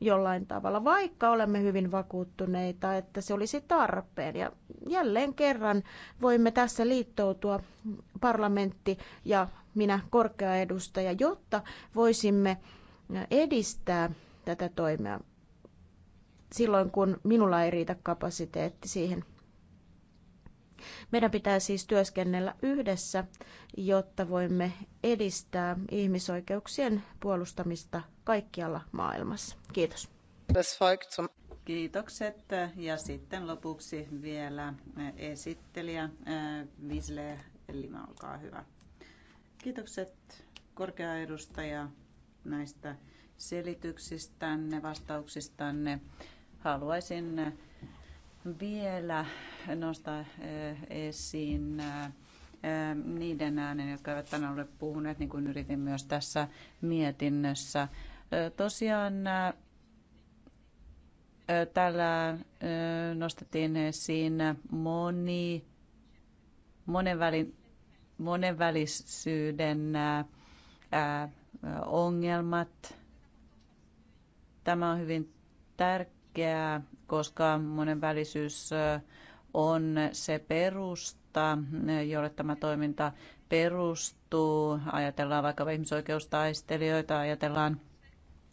jollain tavalla, vaikka olemme hyvin vakuuttuneita, että se olisi tarpeen. Ja jälleen kerran voimme tässä liittoutua parlamentti ja minä korkea edustaja, jotta voisimme edistää tätä toimea silloin, kun minulla ei riitä kapasiteetti siihen. Meidän pitää siis työskennellä yhdessä, jotta voimme edistää ihmisoikeuksien puolustamista kaikkialla maailmassa. Kiitos. Kiitokset. Ja sitten lopuksi vielä äh, esittelijä Visle äh, Lima, olkaa hyvä. Kiitokset korkea edustaja näistä selityksistänne, vastauksistanne. Haluaisin vielä nostaa eh, esiin eh, niiden äänen, jotka eivät tänään ole puhuneet, niin kuin yritin myös tässä mietinnössä. Eh, tosiaan täällä nostettiin esiin moni, monenväli, monenvälisyyden ongelmat. Tämä on hyvin tärkeää koska monenvälisyys on se perusta, jolle tämä toiminta perustuu. Ajatellaan vaikka ihmisoikeustaistelijoita, ajatellaan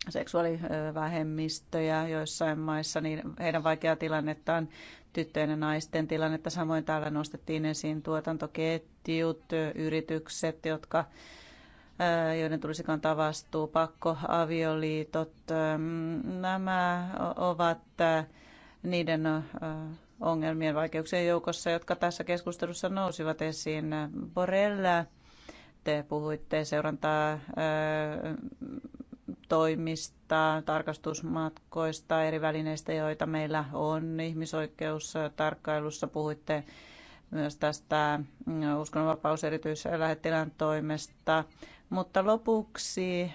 seksuaalivähemmistöjä joissain maissa, niin heidän vaikeaa tilannettaan, tyttöjen ja naisten tilannetta. Samoin täällä nostettiin esiin tuotantoketjut, yritykset, jotka joiden tulisi kantaa vastuu, pakkoavioliitot. Mm, nämä ovat niiden ongelmien vaikeuksien joukossa, jotka tässä keskustelussa nousivat esiin. Borella, te puhuitte seurantaa toimista, tarkastusmatkoista, eri välineistä, joita meillä on ihmisoikeustarkkailussa. Puhuitte myös tästä mm, uskonnonvapauserityislähettilän toimesta. Mutta lopuksi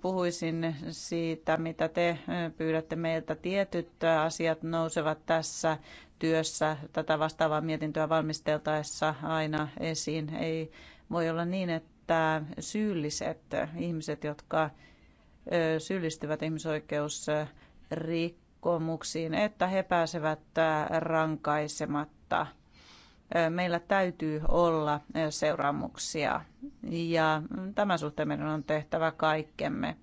puhuisin siitä, mitä te pyydätte meiltä. Tietyt asiat nousevat tässä työssä tätä vastaavaa mietintöä valmisteltaessa aina esiin. Ei voi olla niin, että syylliset ihmiset, jotka syyllistyvät ihmisoikeusrikkomuksiin, että he pääsevät rankaisematta – meillä täytyy olla seuraamuksia ja tämän suhteen meidän on tehtävä kaikkemme.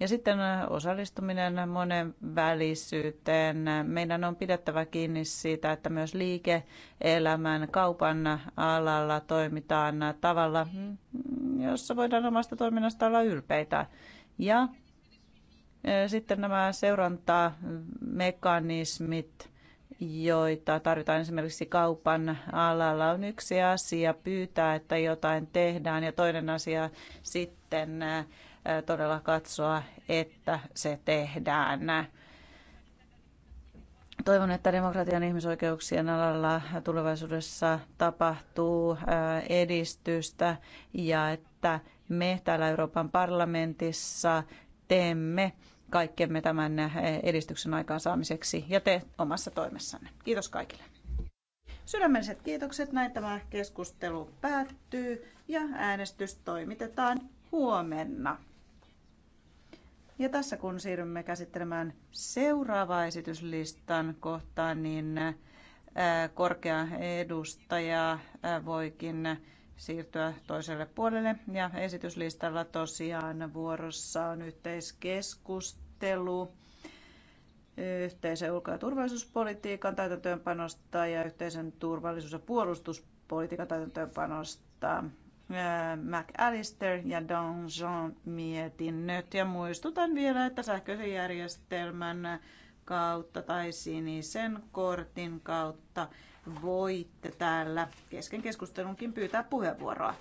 Ja sitten osallistuminen monen välisyyteen. Meidän on pidettävä kiinni siitä, että myös liike-elämän kaupan alalla toimitaan tavalla, jossa voidaan omasta toiminnasta olla ylpeitä. Ja sitten nämä seurantamekanismit joita tarvitaan esimerkiksi kaupan alalla, on yksi asia pyytää, että jotain tehdään ja toinen asia sitten äh, todella katsoa, että se tehdään. Toivon, että demokratian ihmisoikeuksien alalla tulevaisuudessa tapahtuu äh, edistystä ja että me täällä Euroopan parlamentissa teemme kaikkemme tämän edistyksen aikaansaamiseksi ja te omassa toimessanne. Kiitos kaikille. Sydämelliset kiitokset, näin tämä keskustelu päättyy ja äänestys toimitetaan huomenna. Ja tässä kun siirrymme käsittelemään seuraavaa esityslistan kohtaa, niin korkea edustaja voikin siirtyä toiselle puolelle. Ja esityslistalla tosiaan vuorossa on yhteiskeskustelu yhteisen ulko- ja turvallisuuspolitiikan täytäntöönpanosta ja yhteisen turvallisuus- ja puolustuspolitiikan täytäntöönpanosta. McAllister ja Jean mietinnöt. Ja muistutan vielä, että sähköisen järjestelmän kautta tai sinisen kortin kautta voitte täällä kesken keskustelunkin pyytää puheenvuoroa.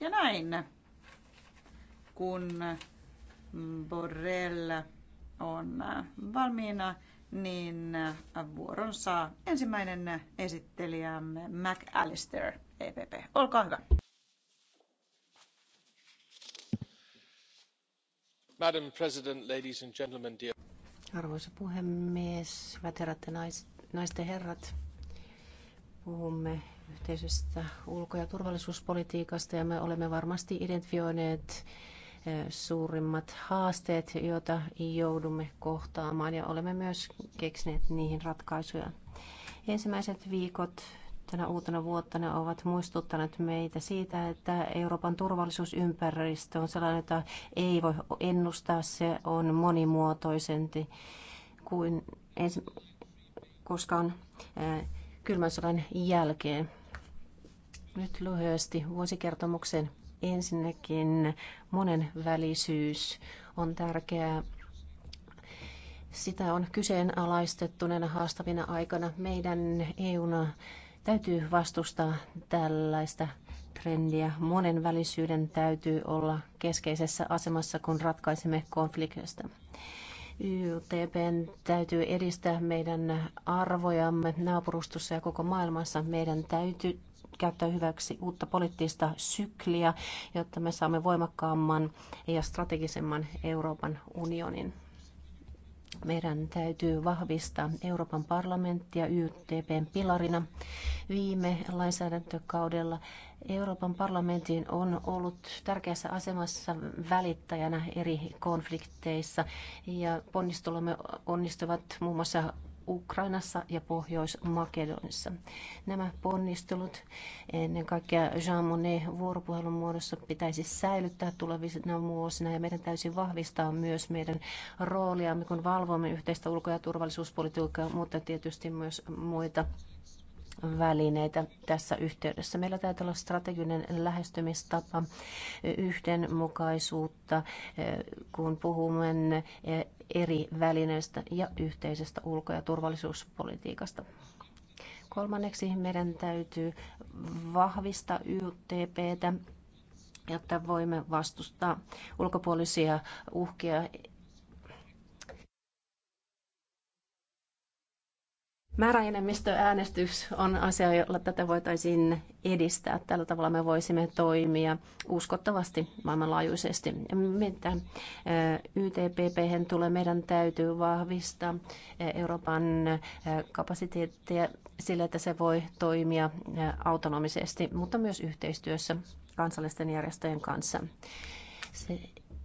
Ja näin, kun Borrell on valmiina, niin vuoron saa ensimmäinen esittelijämme Alistair, EPP. Olkaa hyvä. Madam President, ladies and gentlemen, dear... Arvoisa puhemies, hyvät herrat ja naiset, naisten herrat, puhumme yhteisestä ulko- ja turvallisuuspolitiikasta ja me olemme varmasti identifioineet eh, suurimmat haasteet, joita joudumme kohtaamaan ja olemme myös keksineet niihin ratkaisuja. Ensimmäiset viikot tänä uutena vuottana ovat muistuttaneet meitä siitä, että Euroopan turvallisuusympäristö on sellainen, jota ei voi ennustaa. Se on monimuotoisempi kuin koska on eh, kylmän sodan jälkeen. Nyt lyhyesti vuosikertomuksen ensinnäkin monenvälisyys on tärkeää. Sitä on kyseenalaistettu näinä haastavina aikana. Meidän EUna täytyy vastustaa tällaista trendiä. Monenvälisyyden täytyy olla keskeisessä asemassa, kun ratkaisemme konflikteista. YTPn täytyy edistää meidän arvojamme naapurustossa ja koko maailmassa. Meidän täytyy käyttää hyväksi uutta poliittista sykliä, jotta me saamme voimakkaamman ja strategisemman Euroopan unionin. Meidän täytyy vahvistaa Euroopan parlamenttia YTPn pilarina. Viime lainsäädäntökaudella Euroopan parlamentin on ollut tärkeässä asemassa välittäjänä eri konflikteissa ja ponnistelumme onnistuvat muun muassa Ukrainassa ja Pohjois-Makedonissa. Nämä ponnistelut ennen kaikkea Jean Monnet vuoropuhelun muodossa pitäisi säilyttää tulevina vuosina ja meidän täytyy vahvistaa myös meidän rooliamme, kun valvomme yhteistä ulko- ja turvallisuuspolitiikkaa, mutta tietysti myös muita välineitä tässä yhteydessä. Meillä täytyy olla strateginen lähestymistapa, yhdenmukaisuutta, kun puhumme eri välineistä ja yhteisestä ulko- ja turvallisuuspolitiikasta. Kolmanneksi meidän täytyy vahvistaa YTPtä, jotta voimme vastustaa ulkopuolisia uhkia Määräenemmistöäänestys on asia, jolla tätä voitaisiin edistää. Tällä tavalla me voisimme toimia uskottavasti maailmanlaajuisesti. Mitä eh, YTPP tulee, meidän täytyy vahvistaa eh, Euroopan eh, kapasiteettia sillä, että se voi toimia autonomisesti, mutta myös yhteistyössä kansallisten järjestöjen kanssa. Se,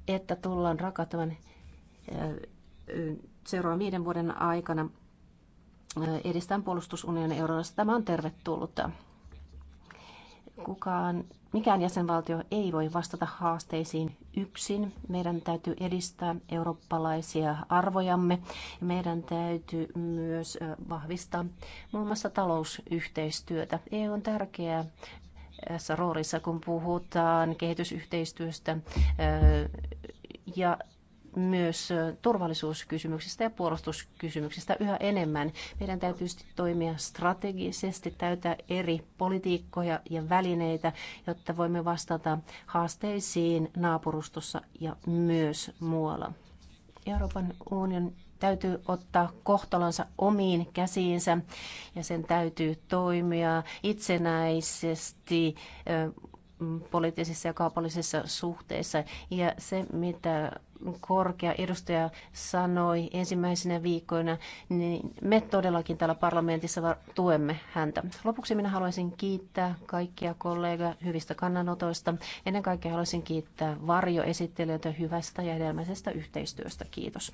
että tullaan rakentamaan seuraavan viiden vuoden aikana – edistetään puolustusunionin euroissa. Tämä on tervetullutta. Kukaan, mikään jäsenvaltio ei voi vastata haasteisiin yksin. Meidän täytyy edistää eurooppalaisia arvojamme. Meidän täytyy myös vahvistaa muun muassa talousyhteistyötä. EU on tärkeä tässä roolissa, kun puhutaan kehitysyhteistyöstä ja myös turvallisuuskysymyksistä ja puolustuskysymyksistä yhä enemmän. Meidän täytyy toimia strategisesti, täytää eri politiikkoja ja välineitä, jotta voimme vastata haasteisiin naapurustossa ja myös muualla. Euroopan unionin täytyy ottaa kohtalonsa omiin käsiinsä ja sen täytyy toimia itsenäisesti poliittisissa ja kaupallisissa suhteissa. Ja se, mitä korkea edustaja sanoi ensimmäisenä viikkoina, niin me todellakin täällä parlamentissa tuemme häntä. Lopuksi minä haluaisin kiittää kaikkia kollegoja hyvistä kannanotoista. Ennen kaikkea haluaisin kiittää varjoesittelijöitä hyvästä ja hedelmäisestä yhteistyöstä. Kiitos.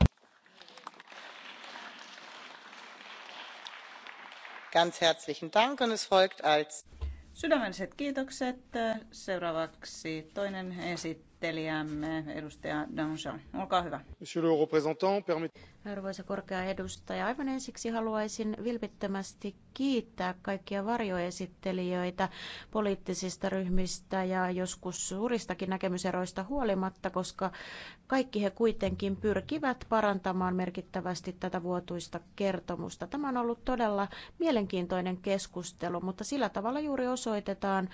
Ganz herzlichen Dank und es folgt als Sydämelliset kiitokset. Seuraavaksi toinen esittely esittelijämme edustaja Danjean. Olkaa hyvä. Monsieur le représentant, permit... Arvoisa korkea edustaja, aivan ensiksi haluaisin vilpittömästi kiittää kaikkia varjoesittelijöitä poliittisista ryhmistä ja joskus suuristakin näkemyseroista huolimatta, koska kaikki he kuitenkin pyrkivät parantamaan merkittävästi tätä vuotuista kertomusta. Tämä on ollut todella mielenkiintoinen keskustelu, mutta sillä tavalla juuri osoitetaan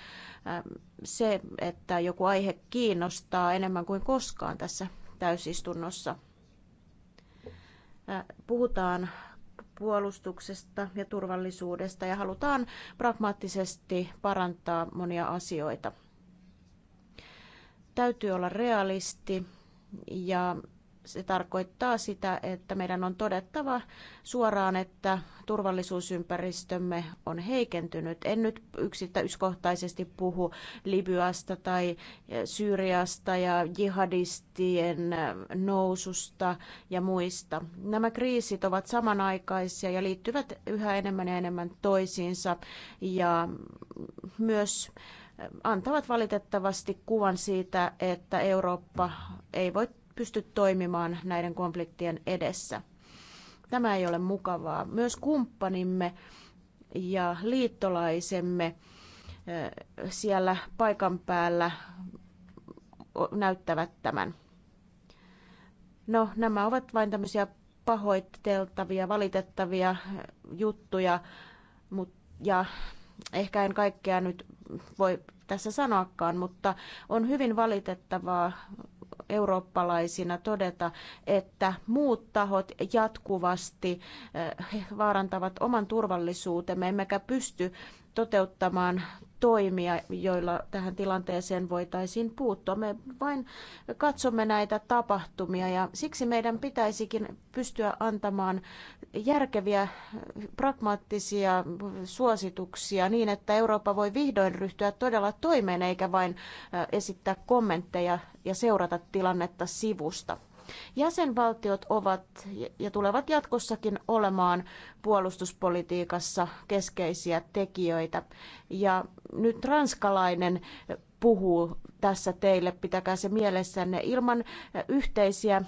äh, se, että joku aihe kiinnostaa kertaa enemmän kuin koskaan tässä täysistunnossa. Äh, puhutaan puolustuksesta ja turvallisuudesta ja halutaan pragmaattisesti parantaa monia asioita. Täytyy olla realisti ja se tarkoittaa sitä, että meidän on todettava suoraan, että turvallisuusympäristömme on heikentynyt. En nyt yksittäiskohtaisesti puhu Libyasta tai Syyriasta ja jihadistien noususta ja muista. Nämä kriisit ovat samanaikaisia ja liittyvät yhä enemmän ja enemmän toisiinsa ja myös antavat valitettavasti kuvan siitä, että Eurooppa ei voi pysty toimimaan näiden konfliktien edessä. Tämä ei ole mukavaa. Myös kumppanimme ja liittolaisemme eh, siellä paikan päällä näyttävät tämän. No, nämä ovat vain tämmöisiä pahoitteltavia, valitettavia eh, juttuja, mut, ja ehkä en kaikkea nyt voi tässä sanoakaan, mutta on hyvin valitettavaa eurooppalaisina todeta, että muut tahot jatkuvasti eh, vaarantavat oman turvallisuutemme, emmekä pysty toteuttamaan toimia, joilla tähän tilanteeseen voitaisiin puuttua. Me vain katsomme näitä tapahtumia ja siksi meidän pitäisikin pystyä antamaan järkeviä, pragmaattisia suosituksia niin, että Eurooppa voi vihdoin ryhtyä todella toimeen eikä vain esittää kommentteja ja seurata tilannetta sivusta. Jäsenvaltiot ovat ja tulevat jatkossakin olemaan puolustuspolitiikassa keskeisiä tekijöitä. Ja nyt ranskalainen puhuu tässä teille, pitäkää se mielessänne, ilman yhteisiä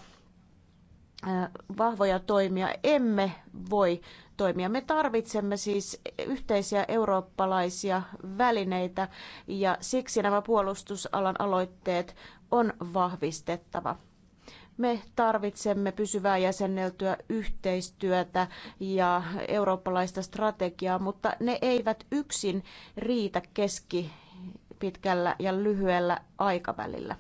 vahvoja toimia emme voi toimia. Me tarvitsemme siis yhteisiä eurooppalaisia välineitä ja siksi nämä puolustusalan aloitteet on vahvistettava. Me tarvitsemme pysyvää jäsenneltyä yhteistyötä ja eurooppalaista strategiaa, mutta ne eivät yksin riitä keski pitkällä ja lyhyellä aikavälillä.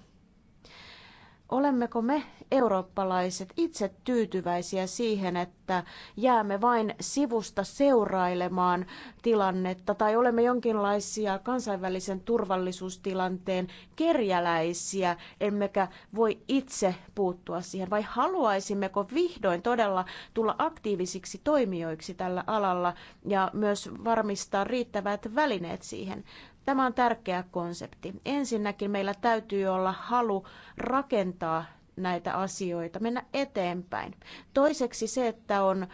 Olemmeko me eurooppalaiset itse tyytyväisiä siihen, että jäämme vain sivusta seurailemaan tilannetta tai olemme jonkinlaisia kansainvälisen turvallisuustilanteen kerjäläisiä, emmekä voi itse puuttua siihen? Vai haluaisimmeko vihdoin todella tulla aktiivisiksi toimijoiksi tällä alalla ja myös varmistaa riittävät välineet siihen? Tämä on tärkeä konsepti. Ensinnäkin meillä täytyy olla halu rakentaa näitä asioita, mennä eteenpäin. Toiseksi se, että on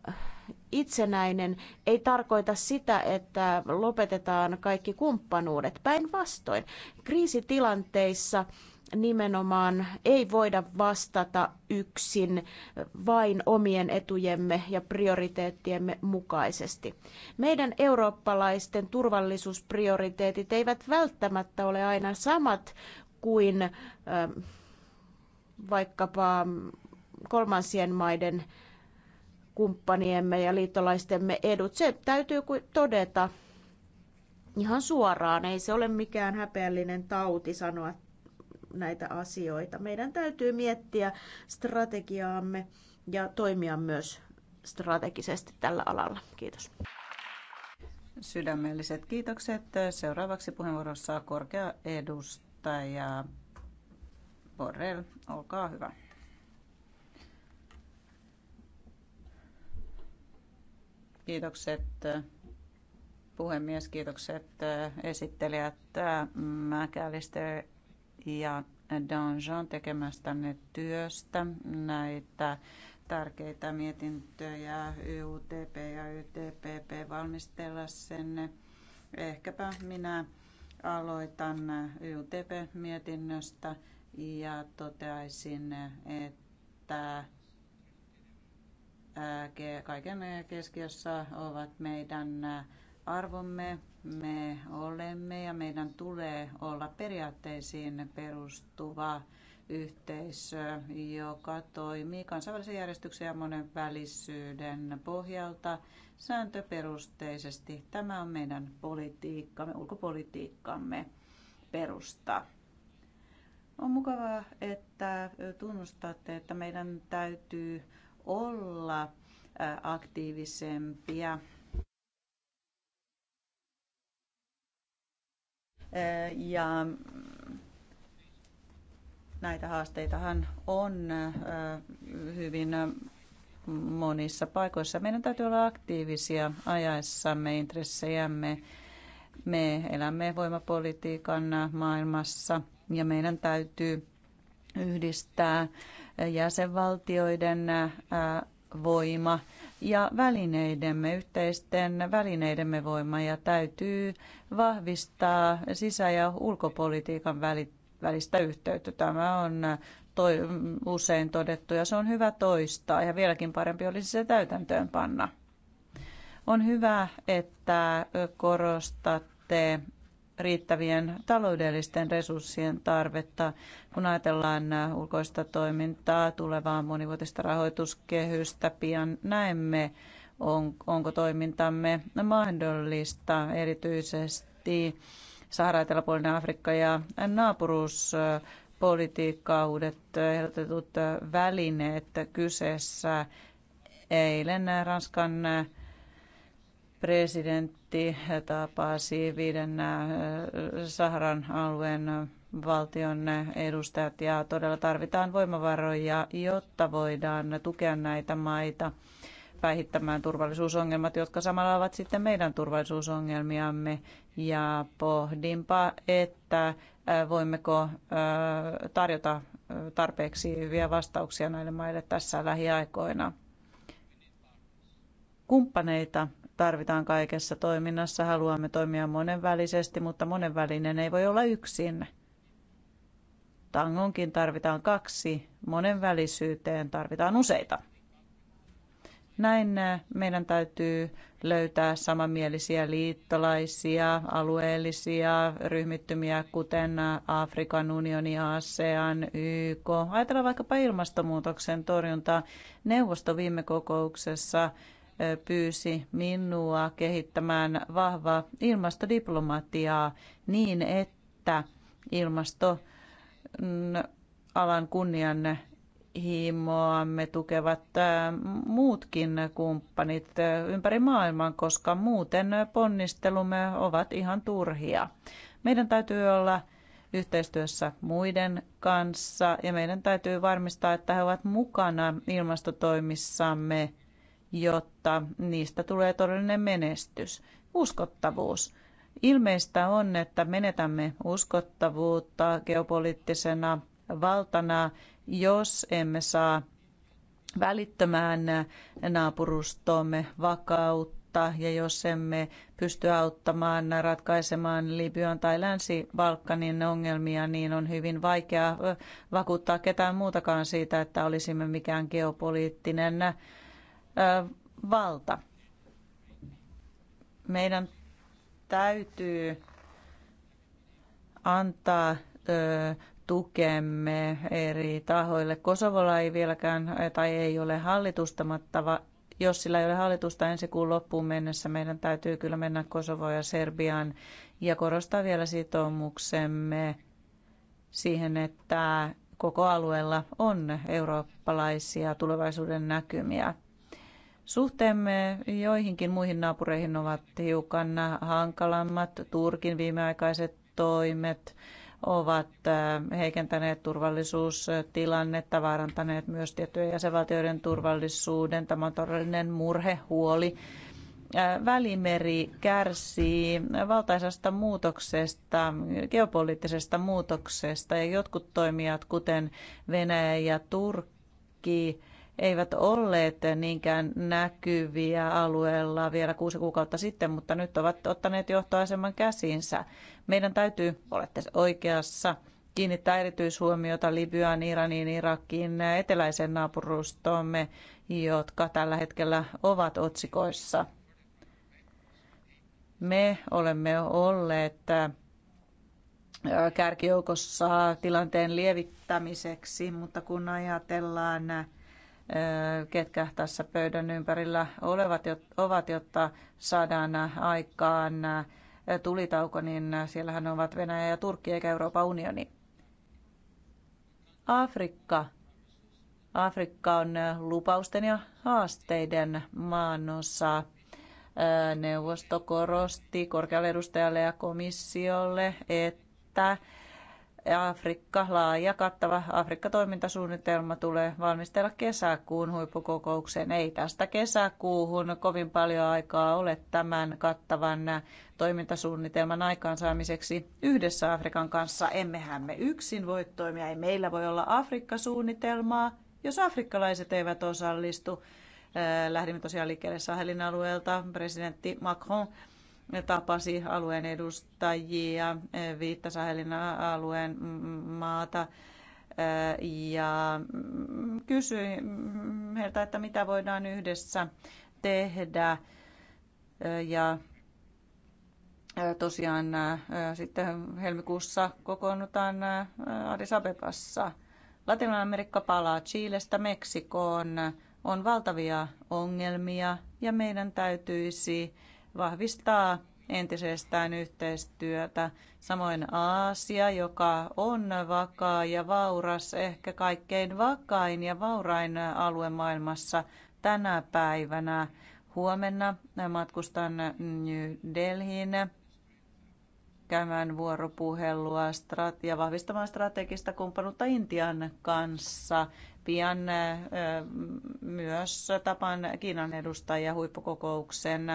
äh, itsenäinen, ei tarkoita sitä, että lopetetaan kaikki kumppanuudet. Päinvastoin, kriisitilanteissa nimenomaan ei voida vastata yksin vain omien etujemme ja prioriteettiemme mukaisesti. Meidän eurooppalaisten turvallisuusprioriteetit eivät välttämättä ole aina samat kuin vaikkapa kolmansien maiden kumppaniemme ja liittolaistemme edut. Se täytyy todeta ihan suoraan. Ei se ole mikään häpeällinen tauti sanoa näitä asioita. Meidän täytyy miettiä strategiaamme ja toimia myös strategisesti tällä alalla. Kiitos. Sydämelliset kiitokset. Seuraavaksi puheenvuorossa korkea edustaja Borrell, olkaa hyvä. Kiitokset puhemies, kiitokset esittelijät Mä ja Danjean tekemästä työstä näitä tärkeitä mietintöjä YUTP e ja YTPP e valmistella sen. Ehkäpä minä aloitan YUTP-mietinnöstä e ja toteaisin, että kaiken keskiössä ovat meidän arvomme, me olemme ja meidän tulee olla periaatteisiin perustuva yhteisö, joka toimii kansainvälisen järjestyksen ja monenvälisyyden pohjalta sääntöperusteisesti. Tämä on meidän politiikkamme, ulkopolitiikkamme perusta. On mukavaa, että tunnustatte, että meidän täytyy olla aktiivisempia Ja näitä haasteitahan on hyvin monissa paikoissa. Meidän täytyy olla aktiivisia ajaessamme intressejämme. Me elämme voimapolitiikan maailmassa ja meidän täytyy yhdistää jäsenvaltioiden voima ja välineidemme, yhteisten välineidemme voima ja täytyy vahvistaa sisä- ja ulkopolitiikan välistä yhteyttä. Tämä on toi, usein todettu ja se on hyvä toistaa ja vieläkin parempi olisi se täytäntöön panna. On hyvä, että korostatte riittävien taloudellisten resurssien tarvetta, kun ajatellaan ulkoista toimintaa, tulevaa monivuotista rahoituskehystä. Pian näemme, on, onko toimintamme mahdollista erityisesti Sahara, Eteläpuolinen Afrikka ja naapuruuspolitiikka, uudet ehdotetut välineet kyseessä. Eilen Ranskan presidentti tapasi viiden äh, Saharan alueen valtion edustajat ja todella tarvitaan voimavaroja, jotta voidaan tukea näitä maita päihittämään turvallisuusongelmat, jotka samalla ovat sitten meidän turvallisuusongelmiamme. Ja pohdinpa, että äh, voimmeko äh, tarjota tarpeeksi hyviä vastauksia näille maille tässä lähiaikoina. Kumppaneita tarvitaan kaikessa toiminnassa. Haluamme toimia monenvälisesti, mutta monenvälinen ei voi olla yksin. Tangonkin tarvitaan kaksi, monenvälisyyteen tarvitaan useita. Näin meidän täytyy löytää samanmielisiä liittolaisia, alueellisia ryhmittymiä, kuten Afrikan unioni, ASEAN, YK. Ajatellaan vaikkapa ilmastonmuutoksen torjuntaa. Neuvosto viime kokouksessa pyysi minua kehittämään vahvaa ilmastodiplomatiaa niin, että ilmastoalan mm, kunnian himoamme tukevat muutkin kumppanit ympäri maailman, koska muuten ponnistelumme ovat ihan turhia. Meidän täytyy olla yhteistyössä muiden kanssa ja meidän täytyy varmistaa, että he ovat mukana ilmastotoimissamme jotta niistä tulee todellinen menestys. Uskottavuus. Ilmeistä on, että menetämme uskottavuutta geopoliittisena valtana, jos emme saa välittömään naapurustoomme vakautta ja jos emme pysty auttamaan ratkaisemaan Libyan tai Länsi-Balkanin ongelmia, niin on hyvin vaikea vakuuttaa ketään muutakaan siitä, että olisimme mikään geopoliittinen valta. Meidän täytyy antaa tukemme eri tahoille. Kosovolla ei vieläkään tai ei ole hallitustamattava. Jos sillä ei ole hallitusta ensi kuun loppuun mennessä, meidän täytyy kyllä mennä Kosovoon ja Serbiaan ja korostaa vielä sitoumuksemme siihen, että koko alueella on eurooppalaisia tulevaisuuden näkymiä. Suhteemme joihinkin muihin naapureihin ovat hiukan hankalammat. Turkin viimeaikaiset toimet ovat äh, heikentäneet turvallisuustilannetta, vaarantaneet myös tiettyjen jäsenvaltioiden turvallisuuden. Tämä on todellinen murhe, huoli. Äh, Välimeri kärsii valtaisesta muutoksesta, geopoliittisesta muutoksesta ja jotkut toimijat, kuten Venäjä ja Turkki, eivät olleet niinkään näkyviä alueella vielä kuusi kuukautta sitten, mutta nyt ovat ottaneet johtoaseman käsiinsä. Meidän täytyy, olette oikeassa, kiinnittää erityishuomiota Libyaan, Iraniin, Irakiin, eteläisen naapurustomme jotka tällä hetkellä ovat otsikoissa. Me olemme olleet äh, kärkijoukossa tilanteen lievittämiseksi, mutta kun ajatellaan ketkä tässä pöydän ympärillä olevat, ovat, jotta saadaan aikaan tulitauko, niin siellähän ovat Venäjä ja Turkki eikä Euroopan unioni. Afrikka. Afrikka on lupausten ja haasteiden maanosa. Neuvosto korosti korkealle edustajalle ja komissiolle, että että Afrikka, laaja kattava Afrikka-toimintasuunnitelma tulee valmistella kesäkuun huippukokoukseen. Ei tästä kesäkuuhun kovin paljon aikaa ole tämän kattavan toimintasuunnitelman aikaansaamiseksi yhdessä Afrikan kanssa. Emmehän me yksin voi toimia, ei meillä voi olla Afrikka-suunnitelmaa, jos afrikkalaiset eivät osallistu. Äh, lähdimme tosiaan liikkeelle Sahelin alueelta. Presidentti Macron tapasi alueen edustajia, eh, viittä alueen maata eh, ja mm, kysyi heiltä, että mitä voidaan yhdessä tehdä. Eh, ja tosiaan sitten helmikuussa kokoonnutaan Addis Abebassa. Latinalamerikka palaa Chiilestä Meksikoon. On valtavia ongelmia ja meidän täytyisi vahvistaa entisestään yhteistyötä. Samoin Aasia, joka on vakaa ja vauras, ehkä kaikkein vakain ja vaurain alue maailmassa tänä päivänä. Huomenna matkustan New Delhiin käymään vuoropuhelua ja vahvistamaan strategista kumppanuutta Intian kanssa pian myös tapaan Kiinan edustajia huippukokouksen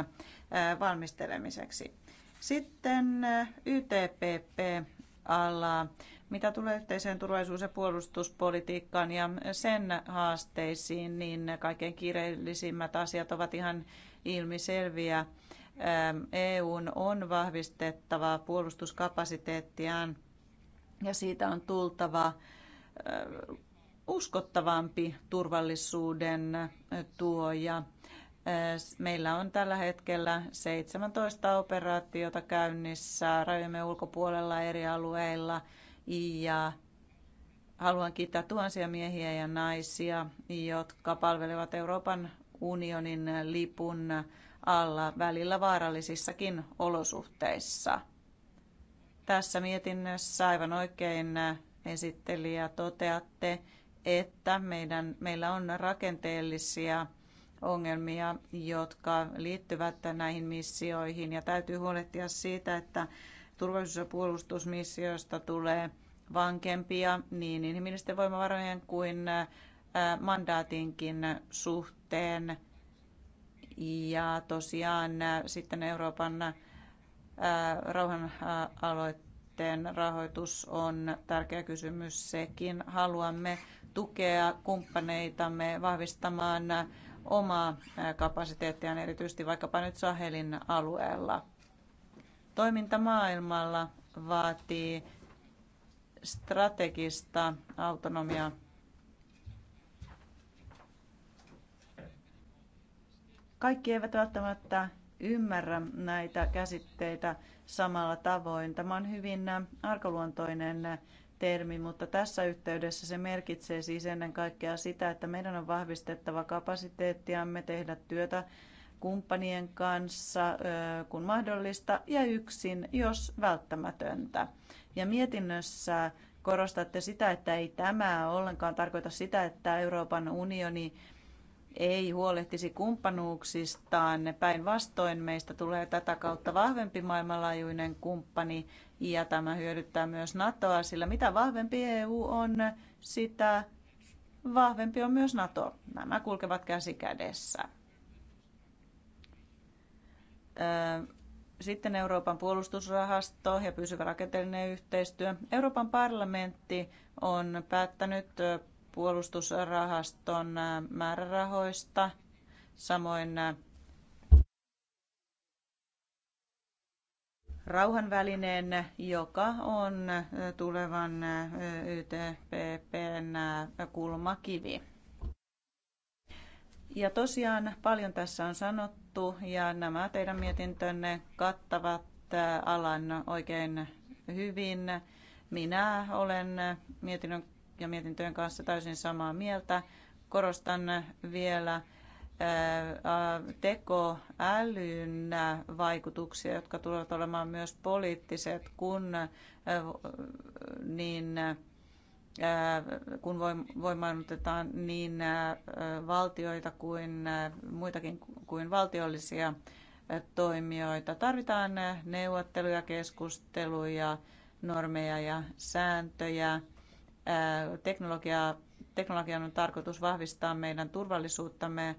valmistelemiseksi. Sitten YTPP-ala, mitä tulee yhteiseen turvallisuus- ja puolustuspolitiikkaan ja sen haasteisiin, niin kaikkein kiireellisimmät asiat ovat ihan ilmiselviä. EUn on vahvistettava puolustuskapasiteettiaan ja siitä on tultava uskottavampi turvallisuuden tuoja. Meillä on tällä hetkellä 17 operaatiota käynnissä rajojemme ulkopuolella eri alueilla ja haluan kiittää tuhansia miehiä ja naisia, jotka palvelevat Euroopan unionin lipun alla välillä vaarallisissakin olosuhteissa. Tässä mietinnössä aivan oikein esittelijä toteatte, että meidän, meillä on rakenteellisia ongelmia, jotka liittyvät näihin missioihin ja täytyy huolehtia siitä, että turvallisuus- ja puolustusmissioista tulee vankempia niin inhimillisten voimavarojen kuin äh, mandaatinkin suhteen. Ja tosiaan äh, sitten Euroopan äh, rauhanaloitteen rahoitus on tärkeä kysymys sekin. Haluamme tukea kumppaneitamme vahvistamaan omaa kapasiteettiaan, erityisesti vaikkapa nyt Sahelin alueella. Toiminta maailmalla vaatii strategista autonomiaa kaikki eivät välttämättä ymmärrä näitä käsitteitä samalla tavoin. Tämä on hyvin arkaluontoinen termi, mutta tässä yhteydessä se merkitsee siis ennen kaikkea sitä, että meidän on vahvistettava kapasiteettiamme tehdä työtä kumppanien kanssa, kun mahdollista, ja yksin, jos välttämätöntä. Ja mietinnössä korostatte sitä, että ei tämä ollenkaan tarkoita sitä, että Euroopan unioni ei huolehtisi kumppanuuksistaan. Päinvastoin meistä tulee tätä kautta vahvempi maailmanlaajuinen kumppani ja tämä hyödyttää myös NATOa, sillä mitä vahvempi EU on, sitä vahvempi on myös NATO. Nämä kulkevat käsi kädessä. Sitten Euroopan puolustusrahasto ja pysyvä rakenteellinen yhteistyö. Euroopan parlamentti on päättänyt puolustusrahaston äh, määrärahoista, samoin äh, rauhanvälineen, joka on äh, tulevan YTPPn kulmakivi. Ja tosiaan paljon tässä on sanottu ja nämä teidän mietintönne kattavat alan oikein hyvin. Minä olen mietinnön ja mietintöjen kanssa täysin samaa mieltä. Korostan vielä tekoälyn vaikutuksia, jotka tulevat olemaan myös poliittiset, kun, niin, kun voimaanotetaan niin valtioita kuin muitakin kuin valtiollisia toimijoita. Tarvitaan neuvotteluja, keskusteluja, normeja ja sääntöjä Teknologia teknologian on tarkoitus vahvistaa meidän turvallisuuttamme.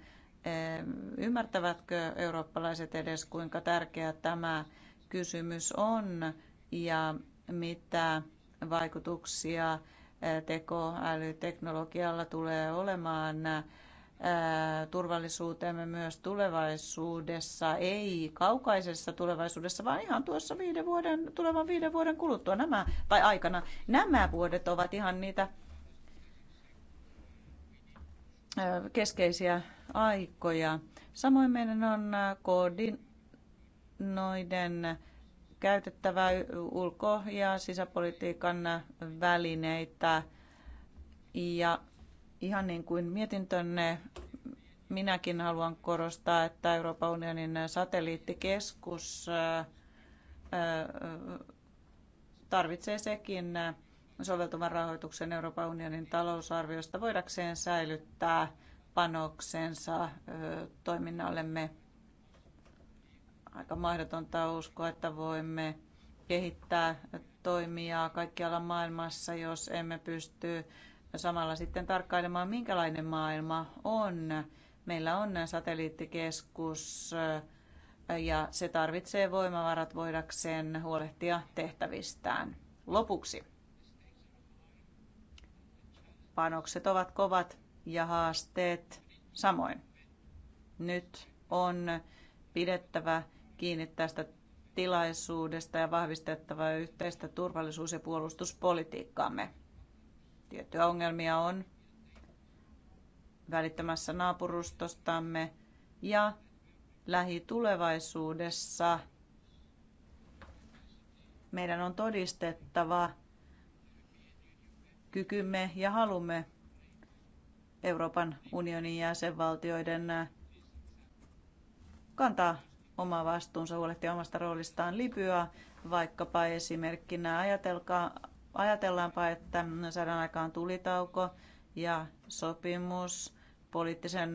Ymmärtävätkö eurooppalaiset edes, kuinka tärkeä tämä kysymys on ja mitä vaikutuksia tekoälyteknologialla tulee olemaan turvallisuuteemme myös tulevaisuudessa, ei kaukaisessa tulevaisuudessa, vaan ihan tuossa viiden vuoden, tulevan viiden vuoden kuluttua nämä, tai aikana. Nämä vuodet ovat ihan niitä keskeisiä aikoja. Samoin meidän on koordinoiden käytettävä ulko- ja sisäpolitiikan välineitä ja Ihan niin kuin mietintönne, minäkin haluan korostaa, että Euroopan unionin satelliittikeskus tarvitsee sekin soveltuvan rahoituksen Euroopan unionin talousarviosta voidakseen säilyttää panoksensa toiminnallemme. Aika mahdotonta uskoa, että voimme kehittää toimia kaikkialla maailmassa, jos emme pysty samalla sitten tarkkailemaan, minkälainen maailma on. Meillä on satelliittikeskus ja se tarvitsee voimavarat voidakseen huolehtia tehtävistään. Lopuksi. Panokset ovat kovat ja haasteet samoin. Nyt on pidettävä kiinni tästä tilaisuudesta ja vahvistettava yhteistä turvallisuus- ja puolustuspolitiikkaamme. Tiettyjä ongelmia on välittömässä naapurustostamme ja lähitulevaisuudessa meidän on todistettava kykymme ja halumme Euroopan unionin jäsenvaltioiden kantaa oma vastuunsa huolehtia omasta roolistaan Libyaa, vaikkapa esimerkkinä ajatelkaa Ajatellaanpa, että saadaan aikaan tulitauko ja sopimus poliittisen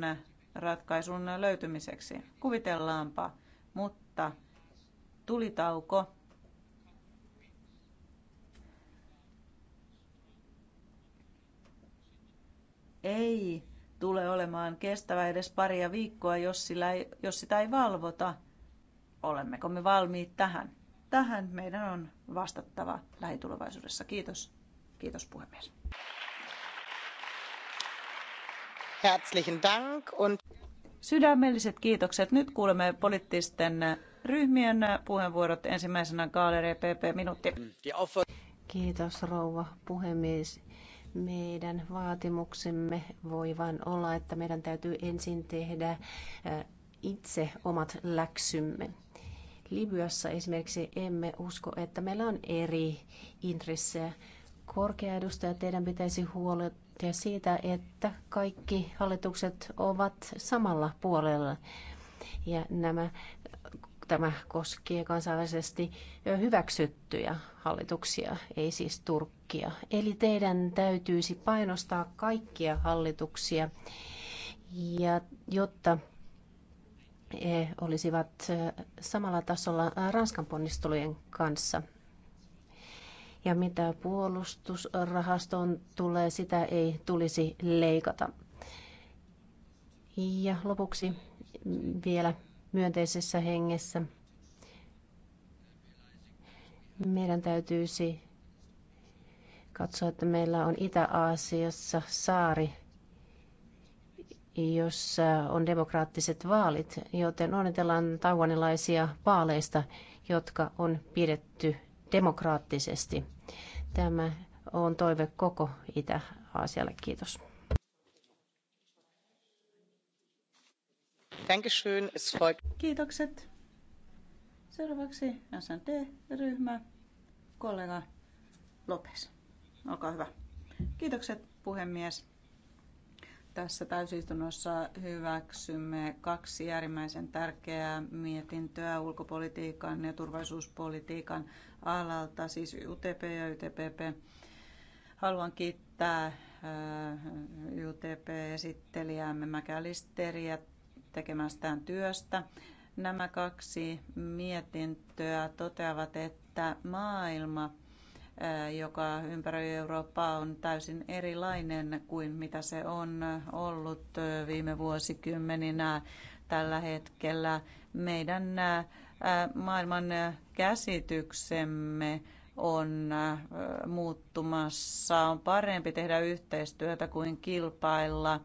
ratkaisun löytymiseksi. Kuvitellaanpa, mutta tulitauko ei tule olemaan kestävä edes paria viikkoa, jos, sillä ei, jos sitä ei valvota. Olemmeko me valmiit tähän? Tähän meidän on vastattava lähitulevaisuudessa. Kiitos. Kiitos puhemies. Herzlichen Dank und Sydämelliset kiitokset. Nyt kuulemme poliittisten ryhmien puheenvuorot. Ensimmäisenä Kaaleri PP minuutti. Kiitos rouva puhemies. Meidän vaatimuksemme voi vain olla, että meidän täytyy ensin tehdä itse omat läksymme. Libyassa esimerkiksi emme usko, että meillä on eri intressejä. Korkea edustaja, teidän pitäisi huolehtia siitä, että kaikki hallitukset ovat samalla puolella. Ja nämä, tämä koskee kansainvälisesti hyväksyttyjä hallituksia, ei siis Turkkia. Eli teidän täytyisi painostaa kaikkia hallituksia, ja jotta olisivat samalla tasolla Ranskan ponnistelujen kanssa. Ja mitä puolustusrahastoon tulee, sitä ei tulisi leikata. Ja lopuksi vielä myönteisessä hengessä meidän täytyisi katsoa, että meillä on Itä-Aasiassa saari, jossa on demokraattiset vaalit, joten onnitellaan taiwanilaisia vaaleista, jotka on pidetty demokraattisesti. Tämä on toive koko Itä-Aasialle. Kiitos. Kiitokset. Seuraavaksi SND-ryhmä, kollega Lopes. Olkaa hyvä. Kiitokset puhemies tässä täysistunnossa hyväksymme kaksi äärimmäisen tärkeää mietintöä ulkopolitiikan ja turvallisuuspolitiikan alalta, siis UTP ja UTPP. Haluan kiittää UTP-esittelijäämme äh, Mäkälisteriä tekemästään työstä. Nämä kaksi mietintöä toteavat, että maailma – joka ympäröi Eurooppaa, on täysin erilainen kuin mitä se on ollut viime vuosikymmeninä tällä hetkellä. Meidän maailman käsityksemme on muuttumassa. On parempi tehdä yhteistyötä kuin kilpailla.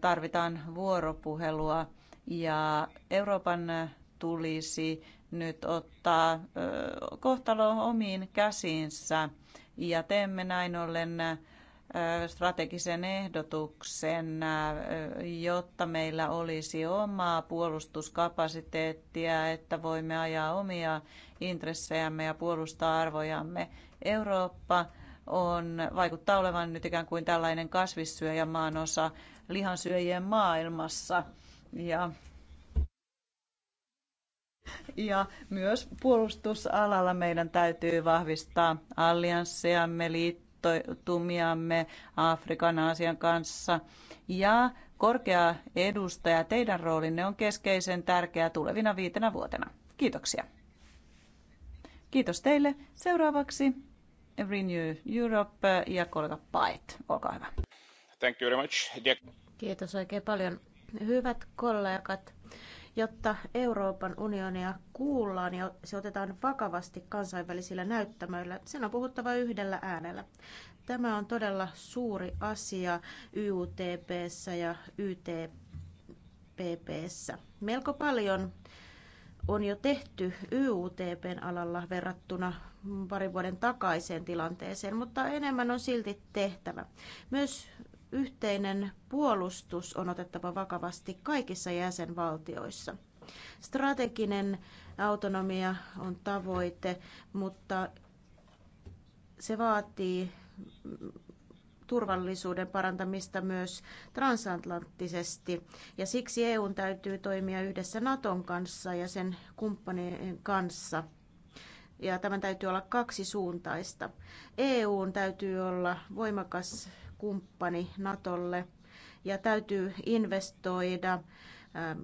Tarvitaan vuoropuhelua ja Euroopan tulisi nyt ottaa kohtalo omiin käsiinsä ja teemme näin ollen strategisen ehdotuksen, jotta meillä olisi omaa puolustuskapasiteettia, että voimme ajaa omia intressejämme ja puolustaa arvojamme. Eurooppa on, vaikuttaa olevan nyt ikään kuin tällainen kasvissyöjä osa lihansyöjien maailmassa. Ja ja myös puolustusalalla meidän täytyy vahvistaa allianssejamme, liittotumiamme Afrikan, Aasian kanssa. Ja korkea edustaja, teidän roolinne on keskeisen tärkeä tulevina viitenä vuotena. Kiitoksia. Kiitos teille. Seuraavaksi Renew Europe ja kollega Paet. Olkaa hyvä. Thank you very much. Kiitos oikein paljon. Hyvät kollegat, jotta Euroopan unionia kuullaan ja se otetaan vakavasti kansainvälisillä näyttämöillä. Sen on puhuttava yhdellä äänellä. Tämä on todella suuri asia YUTPssä ja YTPPssä. Melko paljon on jo tehty YUTPn alalla verrattuna parin vuoden takaiseen tilanteeseen, mutta enemmän on silti tehtävä. Myös Yhteinen puolustus on otettava vakavasti kaikissa jäsenvaltioissa. Strateginen autonomia on tavoite, mutta se vaatii turvallisuuden parantamista myös transatlanttisesti. Ja siksi EUn täytyy toimia yhdessä Naton kanssa ja sen kumppanien kanssa. Ja tämän täytyy olla kaksisuuntaista. EUn täytyy olla voimakas kumppani Natolle ja täytyy investoida ähm,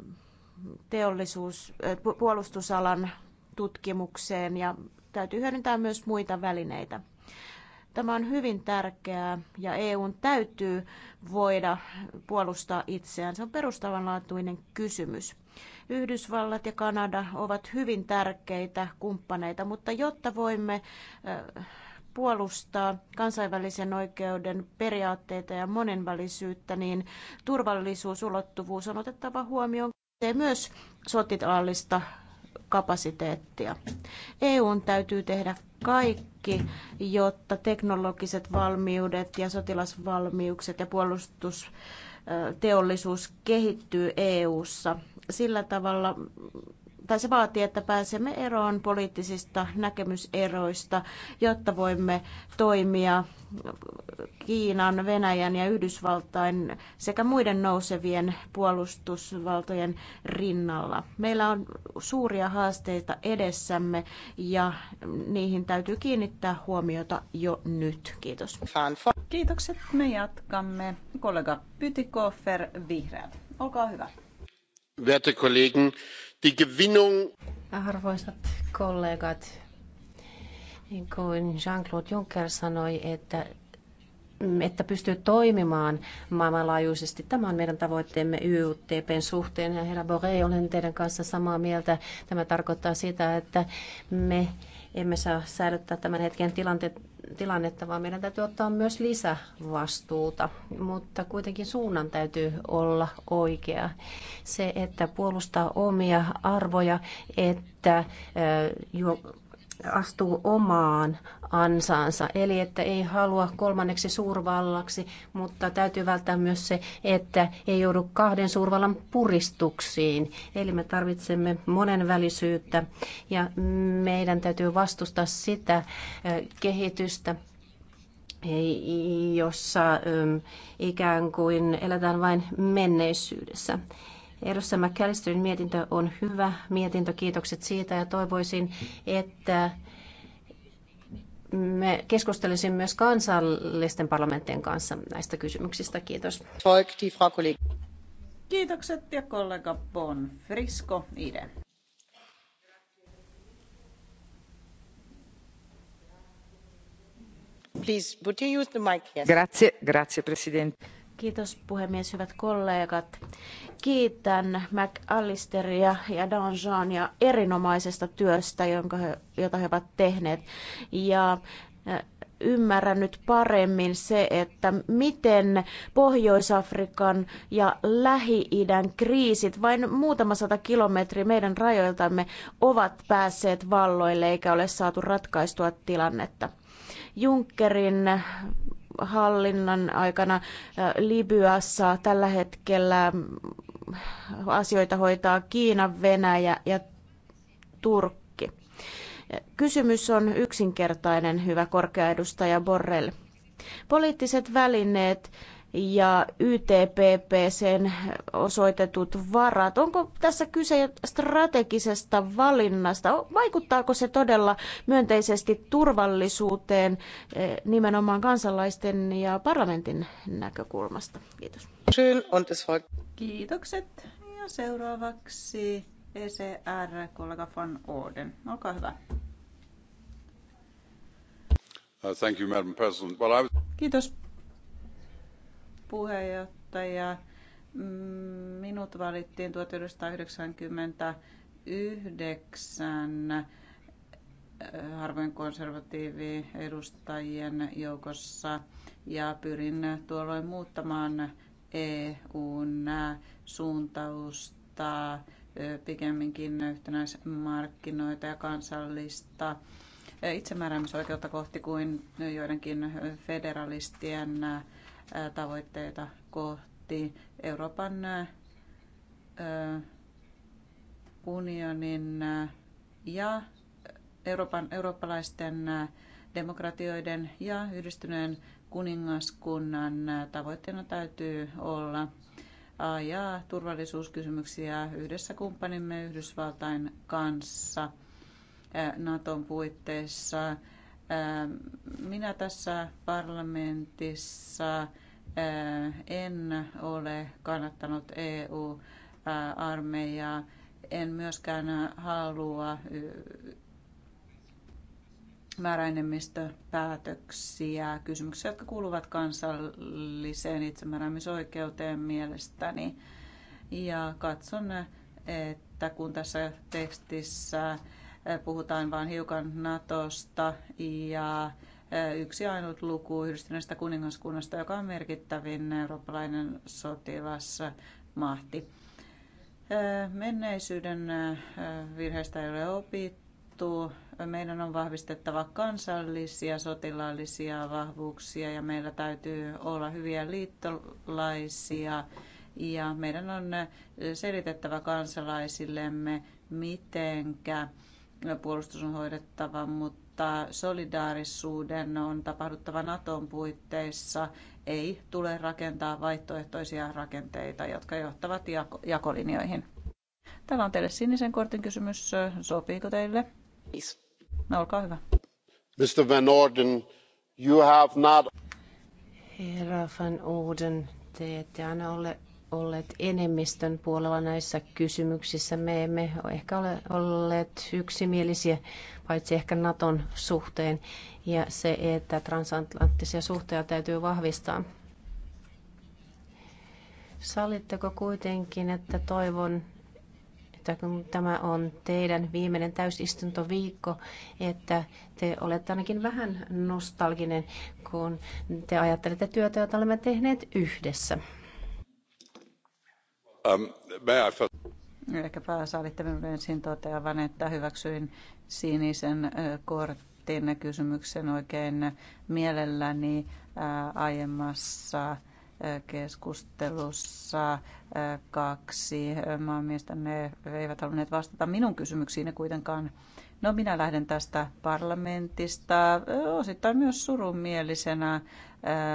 teollisuus, äh, puolustusalan tutkimukseen ja täytyy hyödyntää myös muita välineitä. Tämä on hyvin tärkeää ja EUn täytyy voida puolustaa itseään. Se on perustavanlaatuinen kysymys. Yhdysvallat ja Kanada ovat hyvin tärkeitä kumppaneita, mutta jotta voimme äh, puolustaa kansainvälisen oikeuden periaatteita ja monenvälisyyttä, niin turvallisuusulottuvuus on otettava huomioon myös sotilaallista kapasiteettia. EUn täytyy tehdä kaikki, jotta teknologiset valmiudet ja sotilasvalmiukset ja puolustusteollisuus kehittyy EU:ssa. Sillä tavalla tai se vaatii, että pääsemme eroon poliittisista näkemyseroista, jotta voimme toimia Kiinan, Venäjän ja Yhdysvaltain sekä muiden nousevien puolustusvaltojen rinnalla. Meillä on suuria haasteita edessämme ja niihin täytyy kiinnittää huomiota jo nyt. Kiitos. Kiitokset. Me jatkamme. Kollega Pytikoffer Vihreät. Olkaa hyvä. Werte Kollegen, Die Gewinnung Arvoisat kollegat, niin kuin Jean-Claude Juncker sanoi, että että pystyy toimimaan maailmanlaajuisesti. Tämä on meidän tavoitteemme YUTPn suhteen. Ja herra Boré, olen teidän kanssa samaa mieltä. Tämä tarkoittaa sitä, että me emme saa säilyttää tämän hetken tilante- tilannetta, vaan meidän täytyy ottaa myös lisävastuuta. Mutta kuitenkin suunnan täytyy olla oikea. Se, että puolustaa omia arvoja, että astuu omaan ansaansa. Eli että ei halua kolmanneksi suurvallaksi, mutta täytyy välttää myös se, että ei joudu kahden suurvallan puristuksiin. Eli me tarvitsemme monenvälisyyttä ja meidän täytyy vastustaa sitä kehitystä, jossa ikään kuin eletään vain menneisyydessä. Erossa McAllisterin mietintö on hyvä mietintö, kiitokset siitä ja toivoisin, että me keskustelisin myös kansallisten parlamenttien kanssa näistä kysymyksistä. Kiitos. Kiitokset ja kollega Bon Frisco Ide. Please, but you use the mic? Yes. Grazie, grazie presidente. Kiitos puhemies, hyvät kollegat. Kiitän McAllisteria ja Jeania erinomaisesta työstä, jonka he, jota he ovat tehneet. Ja äh, ymmärrän nyt paremmin se, että miten Pohjois-Afrikan ja Lähi-idän kriisit vain muutama sata kilometriä meidän rajoiltamme ovat päässeet valloille eikä ole saatu ratkaistua tilannetta. Junckerin hallinnan aikana äh, Libyassa tällä hetkellä asioita hoitaa Kiina, Venäjä ja Turkki. Kysymys on yksinkertainen, hyvä korkea edustaja Borrell. Poliittiset välineet ja YTPPCn osoitetut varat. Onko tässä kyse strategisesta valinnasta? Vaikuttaako se todella myönteisesti turvallisuuteen eh, nimenomaan kansalaisten ja parlamentin näkökulmasta? Kiitos. Kiitokset. Ja seuraavaksi ECR-kollega van Orden. Olkaa hyvä. Uh, Kiitos puheenjohtaja. Mm, minut valittiin 1999 harvoin edustajien joukossa ja pyrin tuolloin muuttamaan EUn äh, suuntausta äh, pikemminkin yhtenäismarkkinoita ja kansallista äh, itsemääräämisoikeutta kohti kuin joidenkin federalistien tavoitteita kohti Euroopan unionin ja Euroopan, eurooppalaisten demokratioiden ja yhdistyneen kuningaskunnan tavoitteena täytyy olla ajaa turvallisuuskysymyksiä yhdessä kumppanimme Yhdysvaltain kanssa – Naton puitteissa Ähm, minä tässä parlamentissa äh, en ole kannattanut EU-armeijaa. Äh, en myöskään halua määräenemmistöpäätöksiä, kysymyksiä, jotka kuuluvat kansalliseen itsemääräämisoikeuteen mielestäni. Ja katson, että kun tässä tekstissä puhutaan vain hiukan Natosta ja yksi ainut luku yhdistyneestä kuningaskunnasta, joka on merkittävin eurooppalainen sotilasmahti. Menneisyyden virheistä ei ole opittu. Meidän on vahvistettava kansallisia sotilaallisia vahvuuksia ja meillä täytyy olla hyviä liittolaisia ja meidän on selitettävä kansalaisillemme, mitenkä puolustus on hoidettava, mutta solidaarisuuden on tapahduttava Naton puitteissa. Ei tule rakentaa vaihtoehtoisia rakenteita, jotka johtavat jako- jakolinjoihin. Täällä on teille sinisen kortin kysymys. Sopiiko teille? Yes. No, olkaa hyvä. Mr. Van Orden, you have not... Herra Van Orden, te ette aina ole olleet enemmistön puolella näissä kysymyksissä. Me emme ehkä ole olleet yksimielisiä, paitsi ehkä Naton suhteen ja se, että transatlanttisia suhteita täytyy vahvistaa. Sallitteko kuitenkin, että toivon, että kun tämä on teidän viimeinen täysistuntoviikko, että te olette ainakin vähän nostalginen, kun te ajattelette työtä, jota olemme tehneet yhdessä. Um, Ehkä pääsaalitte saalitte ensin toteavan, että hyväksyin sinisen kortin kysymyksen oikein mielelläni aiemmassa keskustelussa kaksi maanmiestä. Ne eivät halunneet vastata minun kysymyksiini kuitenkaan No minä lähden tästä parlamentista osittain myös surunmielisenä. Äh,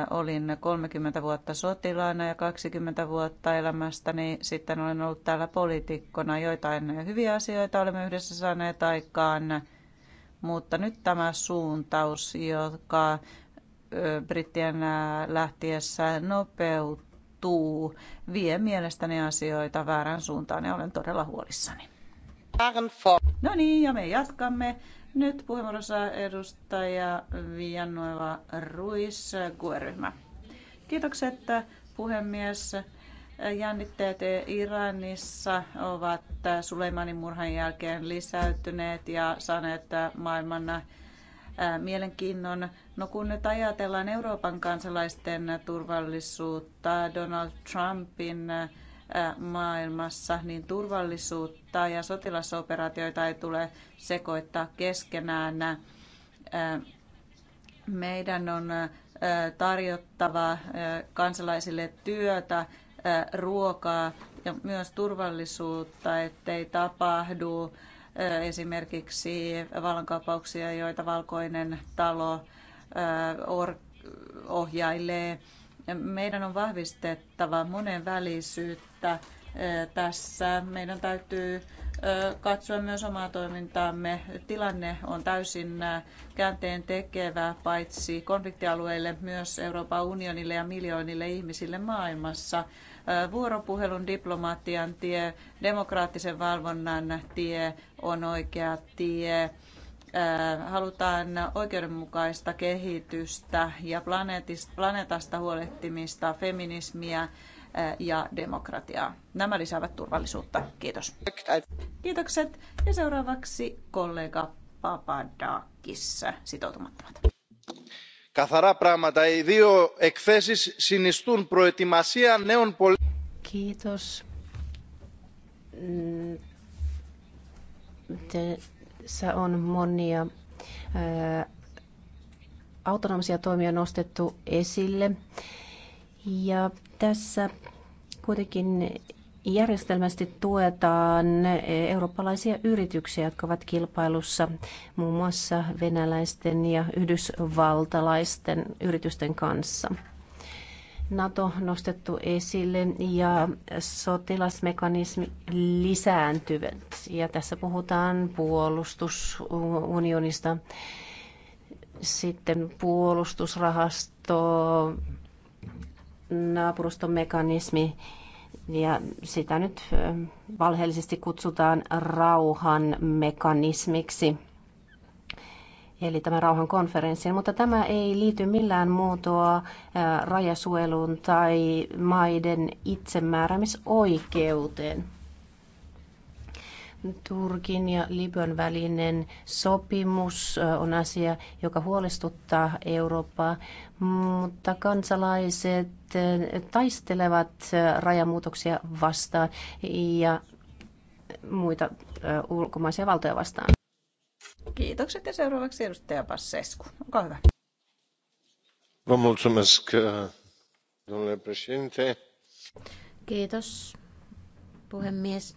olin 30 vuotta sotilaana ja 20 vuotta elämästäni sitten olen ollut täällä poliitikkona. Joitain hyviä asioita olemme yhdessä saaneet aikaan, mutta nyt tämä suuntaus, joka brittien äh, lähtiessä nopeutuu, vie mielestäni asioita väärään suuntaan ja olen todella huolissani. No niin, ja me jatkamme. Nyt puheenvuorossa edustaja Villanueva Ruiz, qr ryhmä Kiitokset puhemies. Jännitteet Iranissa ovat Suleimanin murhan jälkeen lisäytyneet ja saaneet maailman äh, mielenkiinnon. No kun nyt ajatellaan Euroopan kansalaisten turvallisuutta, Donald Trumpin äh, maailmassa, niin turvallisuutta ja sotilasoperaatioita ei tule sekoittaa keskenään. Meidän on tarjottava kansalaisille työtä, ruokaa ja myös turvallisuutta, ettei tapahdu esimerkiksi vallankapauksia, joita valkoinen talo ohjailee meidän on vahvistettava monenvälisyyttä eh, tässä. Meidän täytyy eh, katsoa myös omaa toimintaamme. Tilanne on täysin eh, käänteen tekevä paitsi konfliktialueille, myös Euroopan unionille ja miljoonille ihmisille maailmassa. Vuoropuhelun diplomatian tie, demokraattisen valvonnan tie on oikea tie halutaan oikeudenmukaista kehitystä ja planeetasta huolehtimista, feminismiä ja demokratiaa. Nämä lisäävät turvallisuutta. Kiitos. Kiitokset. Ja seuraavaksi kollega Papadakis, sitoutumattomat. Καθαρά πράγματα. Οι δύο εκθέσεις συνιστούν προετοιμασία νέων πολιτών. Kiitos. Te tässä on monia autonomisia toimia nostettu esille. Ja tässä kuitenkin järjestelmästi tuetaan eurooppalaisia yrityksiä, jotka ovat kilpailussa muun muassa venäläisten ja yhdysvaltalaisten yritysten kanssa. NATO nostettu esille ja sotilasmekanismi lisääntyvät. Ja tässä puhutaan puolustusunionista, sitten puolustusrahasto, naapurustomekanismi ja sitä nyt valheellisesti kutsutaan rauhan mekanismiksi eli tämän rauhankonferenssin, mutta tämä ei liity millään muotoa rajasuojeluun tai maiden itsemääräämisoikeuteen. Turkin ja Libyan välinen sopimus on asia, joka huolestuttaa Eurooppaa, mutta kansalaiset taistelevat rajamuutoksia vastaan ja muita ulkomaisia valtoja vastaan. Kiitokset ja seuraavaksi edustaja Passescu. Olkaa hyvä. Vă mulțumesc, domnule președinte. Kiitos, puhemies.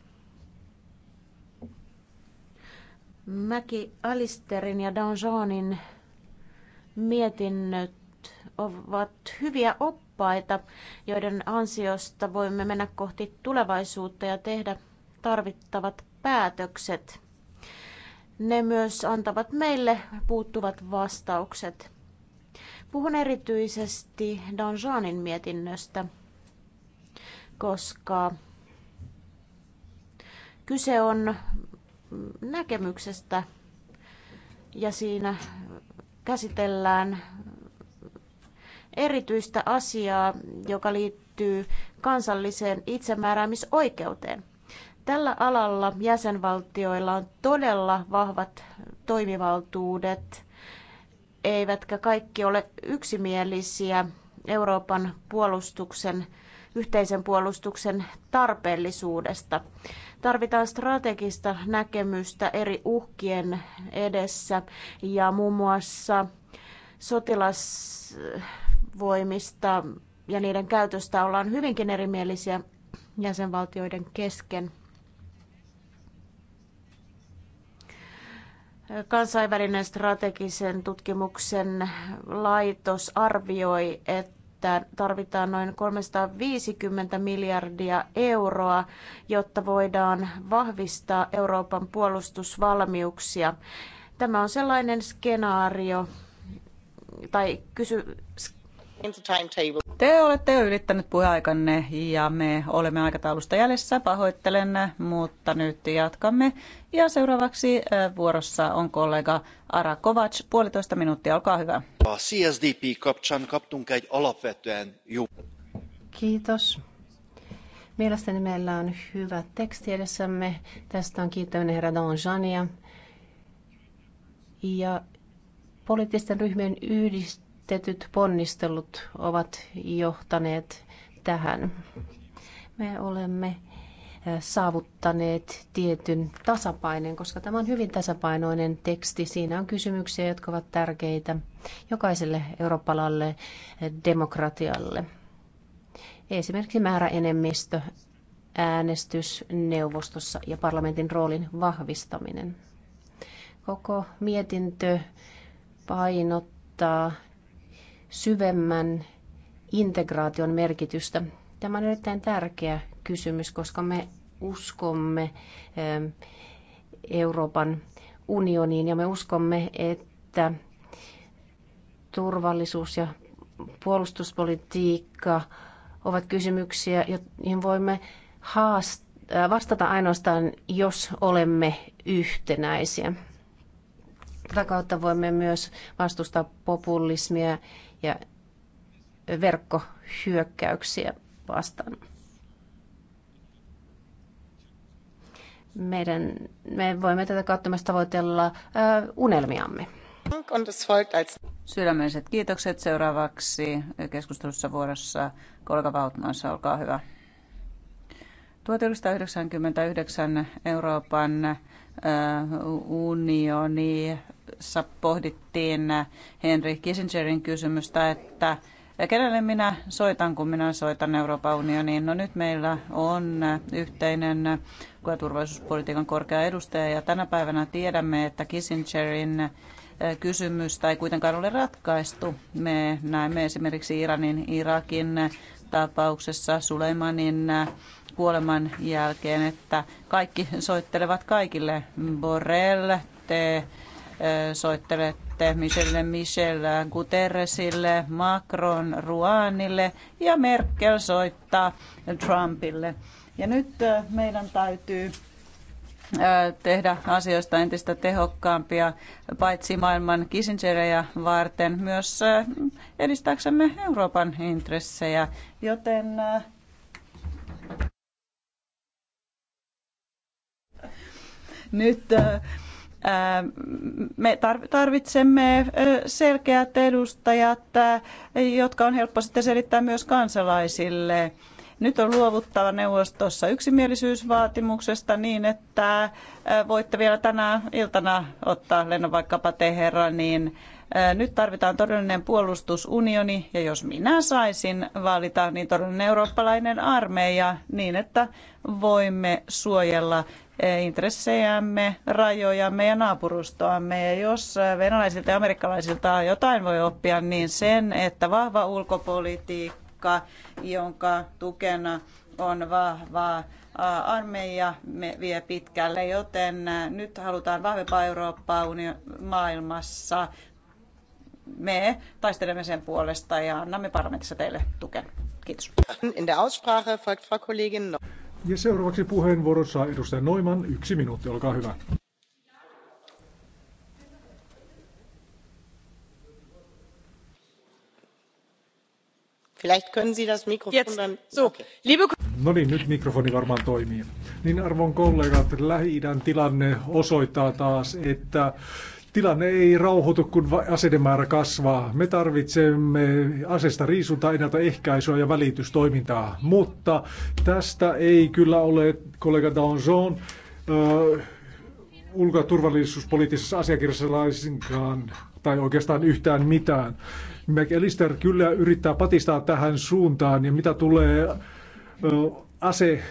Mäki Alisterin ja Donjonin mietinnöt ovat hyviä oppaita, joiden ansiosta voimme mennä kohti tulevaisuutta ja tehdä tarvittavat päätökset. Ne myös antavat meille puuttuvat vastaukset. Puhun erityisesti Danjanin mietinnöstä, koska kyse on näkemyksestä ja siinä käsitellään erityistä asiaa, joka liittyy kansalliseen itsemääräämisoikeuteen. Tällä alalla jäsenvaltioilla on todella vahvat toimivaltuudet, eivätkä kaikki ole yksimielisiä Euroopan puolustuksen, yhteisen puolustuksen tarpeellisuudesta. Tarvitaan strategista näkemystä eri uhkien edessä ja muun muassa sotilasvoimista ja niiden käytöstä ollaan hyvinkin erimielisiä jäsenvaltioiden kesken. Kansainvälinen strategisen tutkimuksen laitos arvioi, että tarvitaan noin 350 miljardia euroa, jotta voidaan vahvistaa Euroopan puolustusvalmiuksia. Tämä on sellainen skenaario tai kysy, te olette jo ylittänyt puheaikanne ja me olemme aikataulusta jäljessä, pahoittelen, mutta nyt jatkamme. Ja seuraavaksi vuorossa on kollega Ara Kovac, puolitoista minuuttia, olkaa hyvä. CSDP Kiitos. Mielestäni meillä on hyvä teksti edessämme. Tästä on kiittäminen herra Jania. Ja poliittisten ryhmien yhdistys tietyt ponnistelut ovat johtaneet tähän. Me olemme saavuttaneet tietyn tasapainen, koska tämä on hyvin tasapainoinen teksti. Siinä on kysymyksiä, jotka ovat tärkeitä jokaiselle eurooppalalle demokratialle. Esimerkiksi määräenemmistö, äänestys neuvostossa ja parlamentin roolin vahvistaminen. Koko mietintö painottaa syvemmän integraation merkitystä. Tämä on erittäin tärkeä kysymys, koska me uskomme ähm, Euroopan unioniin ja me uskomme, että turvallisuus ja puolustuspolitiikka ovat kysymyksiä, joihin voimme haastaa, äh, vastata ainoastaan, jos olemme yhtenäisiä. Tätä kautta voimme myös vastustaa populismia ja verkkohyökkäyksiä vastaan. Meidän, me voimme tätä kautta myös tavoitella ö, unelmiamme. Sydämelliset kiitokset. Seuraavaksi keskustelussa vuorossa Kolka Vautmans, olkaa hyvä. 1999 Euroopan unionissa pohdittiin Henry Kissingerin kysymystä, että kenelle minä soitan, kun minä soitan Euroopan unioniin. No nyt meillä on yhteinen ja turvallisuuspolitiikan korkea edustaja ja tänä päivänä tiedämme, että Kissingerin kysymystä ei kuitenkaan ole ratkaistu. Me näemme esimerkiksi Iranin, Irakin tapauksessa Suleimanin kuoleman jälkeen, että kaikki soittelevat kaikille. Borrell, te soittelette Michelle Michel Guterresille, Macron Ruanille ja Merkel soittaa Trumpille. Ja nyt meidän täytyy tehdä asioista entistä tehokkaampia paitsi maailman Kissingeria varten, myös edistääksemme Euroopan intressejä. Joten Nyt me tarvitsemme selkeät edustajat, jotka on helppo sitten selittää myös kansalaisille. Nyt on luovuttava neuvostossa yksimielisyysvaatimuksesta niin, että voitte vielä tänä iltana ottaa lennon vaikkapa niin Nyt tarvitaan todellinen puolustusunioni ja jos minä saisin valita, niin todellinen eurooppalainen armeija niin, että voimme suojella intressejämme, rajojamme ja naapurustoamme. Ja jos venäläisiltä ja amerikkalaisilta jotain voi oppia, niin sen, että vahva ulkopolitiikka, jonka tukena on vahva armeija, me vie pitkälle, joten nyt halutaan vahvempaa Eurooppaa maailmassa. Me taistelemme sen puolesta ja annamme parlamentissa teille tukea Kiitos. In der Aussprache folgt Frau Kollegin ja seuraavaksi puheenvuoron saa edustaja Noiman. Yksi minuutti, olkaa hyvä. Vielleicht können Sie das Mikrofon Jetzt. dann... So, okay. liebe... No niin, nyt mikrofoni varmaan toimii. Niin arvon kollegat, Lähi-idän tilanne osoittaa taas, että Tilanne ei rauhoitu, kun asedemäärä kasvaa. Me tarvitsemme asesta riisuntaa, ennaltaehkäisyä ja välitystoimintaa. Mutta tästä ei kyllä ole kollega Danzon äh, ulko- ja turvallisuuspoliittisessa asiakirjassa laisinkaan tai oikeastaan yhtään mitään. McAllister kyllä yrittää patistaa tähän suuntaan ja mitä tulee äh, ase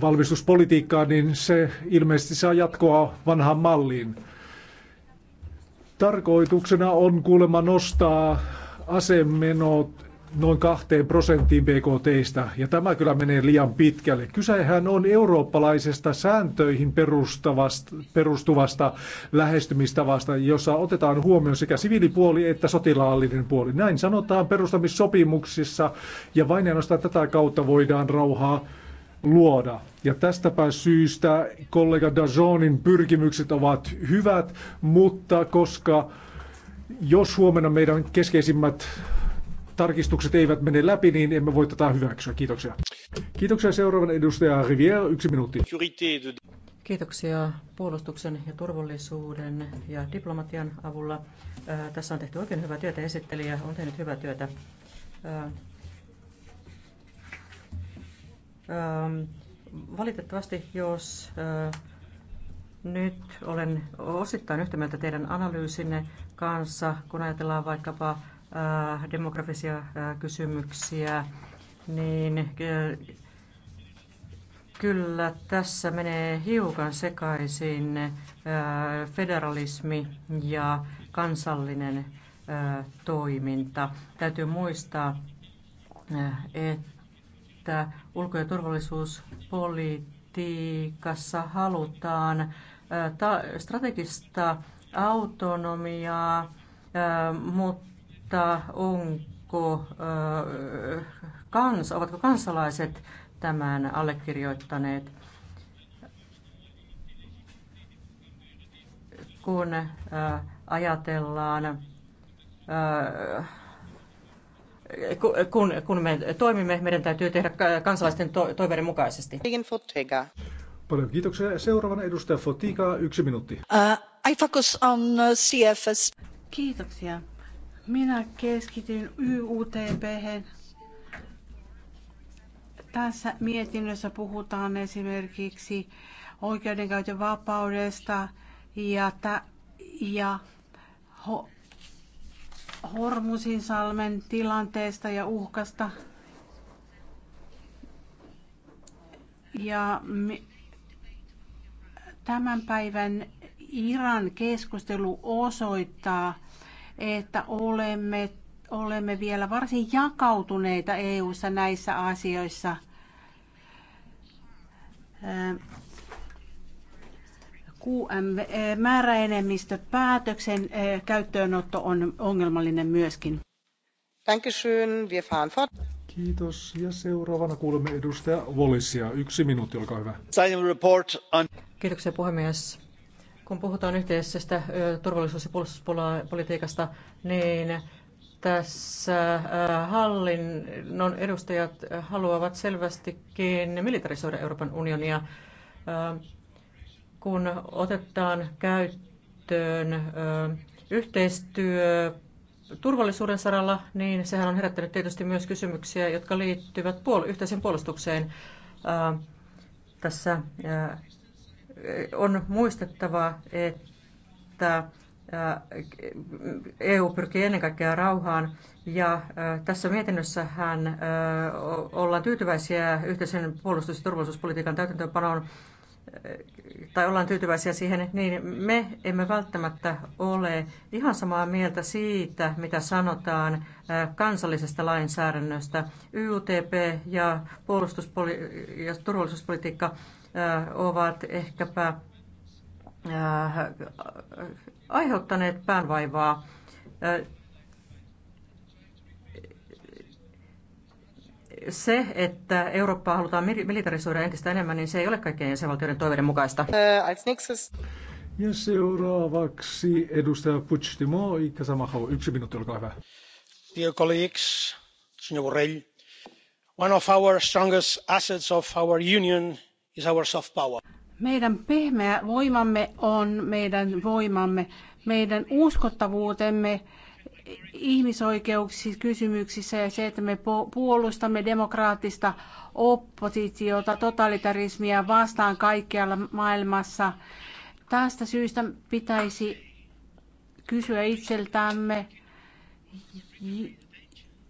valmistuspolitiikkaa, niin se ilmeisesti saa jatkoa vanhaan malliin. Tarkoituksena on kuulemma nostaa asemenot noin kahteen prosenttiin BKTistä, ja tämä kyllä menee liian pitkälle. Kysehän on eurooppalaisesta sääntöihin perustuvasta lähestymistavasta, jossa otetaan huomioon sekä siviilipuoli että sotilaallinen puoli. Näin sanotaan perustamissopimuksissa, ja vain ainoastaan tätä kautta voidaan rauhaa luoda. Ja tästäpä syystä kollega Dajonin pyrkimykset ovat hyvät, mutta koska jos huomenna meidän keskeisimmät tarkistukset eivät mene läpi, niin emme voi tätä hyväksyä. Kiitoksia. Kiitoksia seuraavan edustaja Rivier, yksi minuutti. Kiitoksia puolustuksen ja turvallisuuden ja diplomatian avulla. Äh, tässä on tehty oikein hyvää työtä. Esittelijä on tehnyt hyvää työtä. Äh, Ähm, valitettavasti, jos äh, nyt olen osittain yhtä mieltä teidän analyysinne kanssa, kun ajatellaan vaikkapa äh, demografisia äh, kysymyksiä, niin kyllä tässä menee hiukan sekaisin federalismi ja kansallinen toiminta. Täytyy muistaa, että että ulko- ja turvallisuuspolitiikassa halutaan strategista autonomiaa, mutta onko kans, ovatko kansalaiset tämän allekirjoittaneet? Kun ajatellaan kun, kun me toimimme, meidän täytyy tehdä kansalaisten to- toiveiden mukaisesti. Paljon kiitoksia. Seuraavana edustaja Fotiga, yksi minuutti. Uh, I focus on uh, CFS. Kiitoksia. Minä keskityn YUTP. -hän. Tässä mietinnössä puhutaan esimerkiksi oikeudenkäytön vapaudesta ja, ja ho- salmen tilanteesta ja uhkasta. Ja tämän päivän Iran keskustelu osoittaa, että olemme, olemme vielä varsin jakautuneita EU:ssa näissä asioissa. QM, määräenemmistöpäätöksen eh, käyttöönotto on ongelmallinen myöskin. Dankeschön, wir fahren fort. Kiitos. Ja seuraavana kuulemme edustaja Volisia. Yksi minuutti, olkaa hyvä. Kiitoksia puhemies. Kun puhutaan yhteisestä turvallisuus- ja puolustuspolitiikasta, niin tässä hallinnon edustajat haluavat selvästikin militarisoida Euroopan unionia kun otetaan käyttöön yhteistyö turvallisuuden saralla, niin sehän on herättänyt tietysti myös kysymyksiä, jotka liittyvät puol- yhteiseen puolustukseen. Ö, tässä ö, on muistettava, että EU pyrkii ennen kaikkea rauhaan ja tässä mietinnössähän ollaan tyytyväisiä yhteisen puolustus- ja turvallisuuspolitiikan täytäntöönpanoon tai ollaan tyytyväisiä siihen, niin me emme välttämättä ole ihan samaa mieltä siitä, mitä sanotaan kansallisesta lainsäädännöstä. YUTP ja puolustuspoli- ja turvallisuuspolitiikka ovat ehkäpä aiheuttaneet päänvaivaa. se, että Eurooppaa halutaan militarisoida entistä enemmän, niin se ei ole kaikkien jäsenvaltioiden toiveiden mukaista. Äh, ja seuraavaksi edustaja Puigdemont, Iikka Samaho. Yksi minuutti, olkaa hyvä. Dear colleagues, Signor Borrell, one of our strongest assets of our union is our soft power. Meidän pehmeä voimamme on meidän voimamme, meidän uskottavuutemme ihmisoikeuskysymyksissä ja se, että me puolustamme demokraattista oppositiota, totalitarismia vastaan kaikkialla maailmassa. Tästä syystä pitäisi kysyä itseltämme,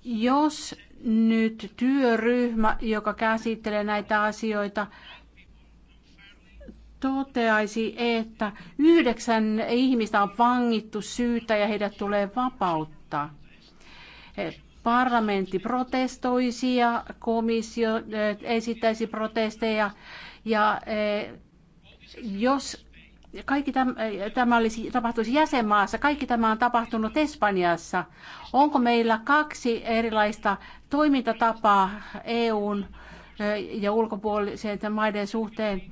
jos nyt työryhmä, joka käsittelee näitä asioita, toteaisi, että yhdeksän ihmistä on vangittu syytä ja heidät tulee vapauttaa. Parlamentti protestoisi ja komissio eh, esittäisi protesteja ja eh, jos kaikki tämä, eh, tämä olisi, tapahtuisi jäsenmaassa, kaikki tämä on tapahtunut Espanjassa. Onko meillä kaksi erilaista toimintatapaa EUn ja ulkopuolisen maiden suhteen?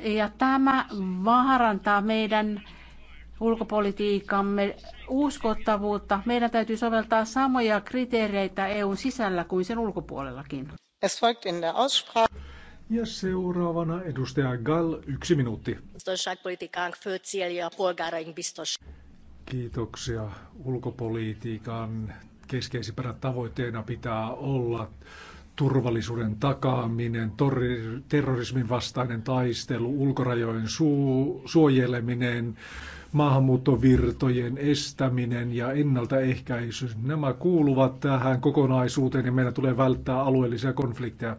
Ja tämä vaarantaa meidän ulkopolitiikkamme uskottavuutta. Meidän täytyy soveltaa samoja kriteereitä EUn sisällä kuin sen ulkopuolellakin. Ja seuraavana edustaja Gall, yksi minuutti. Kiitoksia. Ulkopolitiikan keskeisimpänä tavoitteena pitää olla turvallisuuden takaaminen, torri, terrorismin vastainen taistelu, ulkorajojen su, suojeleminen, maahanmuuttovirtojen estäminen ja ennaltaehkäisy. Nämä kuuluvat tähän kokonaisuuteen ja meidän tulee välttää alueellisia konflikteja.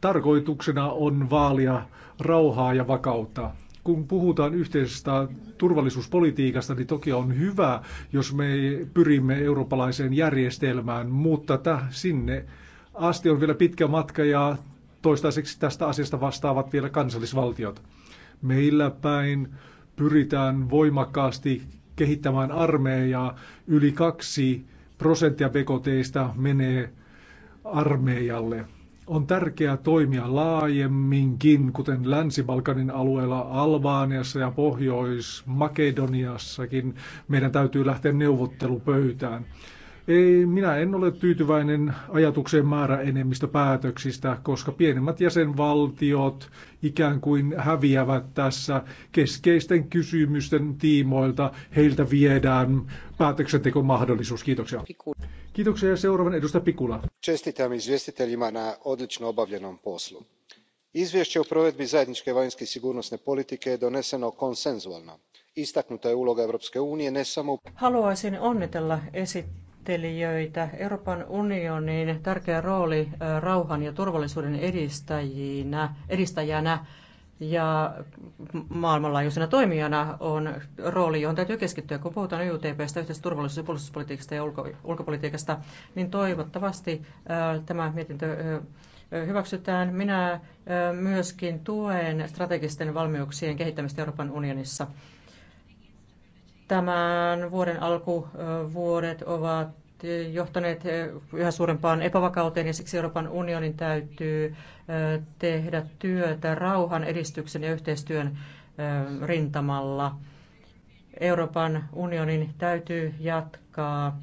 Tarkoituksena on vaalia rauhaa ja vakautta. Kun puhutaan yhteisestä turvallisuuspolitiikasta, niin toki on hyvä, jos me pyrimme eurooppalaiseen järjestelmään, mutta täh, sinne asti on vielä pitkä matka ja toistaiseksi tästä asiasta vastaavat vielä kansallisvaltiot. Meillä päin pyritään voimakkaasti kehittämään armeijaa. Yli kaksi prosenttia BKTstä menee armeijalle. On tärkeää toimia laajemminkin, kuten Länsi-Balkanin alueella, Albaaniassa ja Pohjois-Makedoniassakin. Meidän täytyy lähteä neuvottelupöytään. Ei, minä en ole tyytyväinen ajatukseen määräenemmistöpäätöksistä, koska pienemmät jäsenvaltiot ikään kuin häviävät tässä keskeisten kysymysten tiimoilta. Heiltä viedään päätöksentekomahdollisuus. Kiitoksia. Kiitoksia ja seuraavan edustaja Pikula. Čestitam izvjestiteljima na odlično obavljenom poslu. Izvješće o provedbi zajedničke vanjske i sigurnosne politike je doneseno konsenzualno. Istaknuta je uloga Europske unije ne samo... Haluaisin onnitella esittää neuvottelijoita. Euroopan unionin tärkeä rooli rauhan ja turvallisuuden edistäjinä, edistäjänä ja maailmanlaajuisena toimijana on rooli, johon täytyy keskittyä. Kun puhutaan YTPstä, yhteisestä turvallisuus- ja puolustuspolitiikasta ja ulko- ulkopolitiikasta, niin toivottavasti ää, tämä mietintö ää, hyväksytään. Minä ää, myöskin tuen strategisten valmiuksien kehittämistä Euroopan unionissa. Tämän vuoden alkuvuodet ovat johtaneet yhä suurempaan epävakauteen ja siksi Euroopan unionin täytyy tehdä työtä rauhan edistyksen ja yhteistyön rintamalla. Euroopan unionin täytyy jatkaa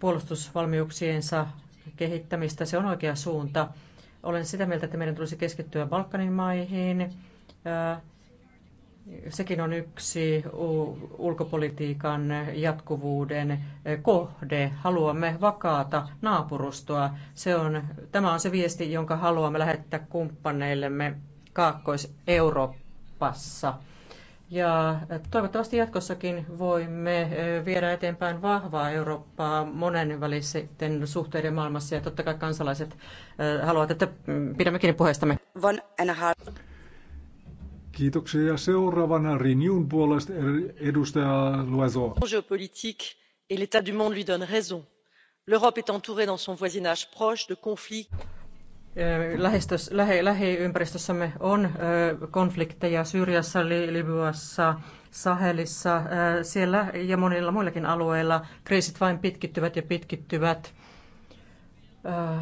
puolustusvalmiuksiensa kehittämistä. Se on oikea suunta. Olen sitä mieltä, että meidän tulisi keskittyä Balkanin maihin, Sekin on yksi ulkopolitiikan jatkuvuuden kohde. Haluamme vakaata naapurustoa. Se on, tämä on se viesti, jonka haluamme lähettää kumppaneillemme Kaakkois-Euroopassa. Ja toivottavasti jatkossakin voimme viedä eteenpäin vahvaa Eurooppaa monenvälisten suhteiden maailmassa. Ja totta kai kansalaiset haluavat, että pidämme kiinni puheestamme. Kiitoksia. Ja seuraavana Renewn puolesta edustaja Loiseau. Enjeu et l'état du monde lui donne raison. L'Europe est entourée dans son voisinage proche de conflits Lähiympäristössämme lähe, on ö, konflikteja Syyriassa, Libyassa, Sahelissa, ö, siellä ja monilla muillakin alueilla. Kriisit vain pitkittyvät ja pitkittyvät. Ö,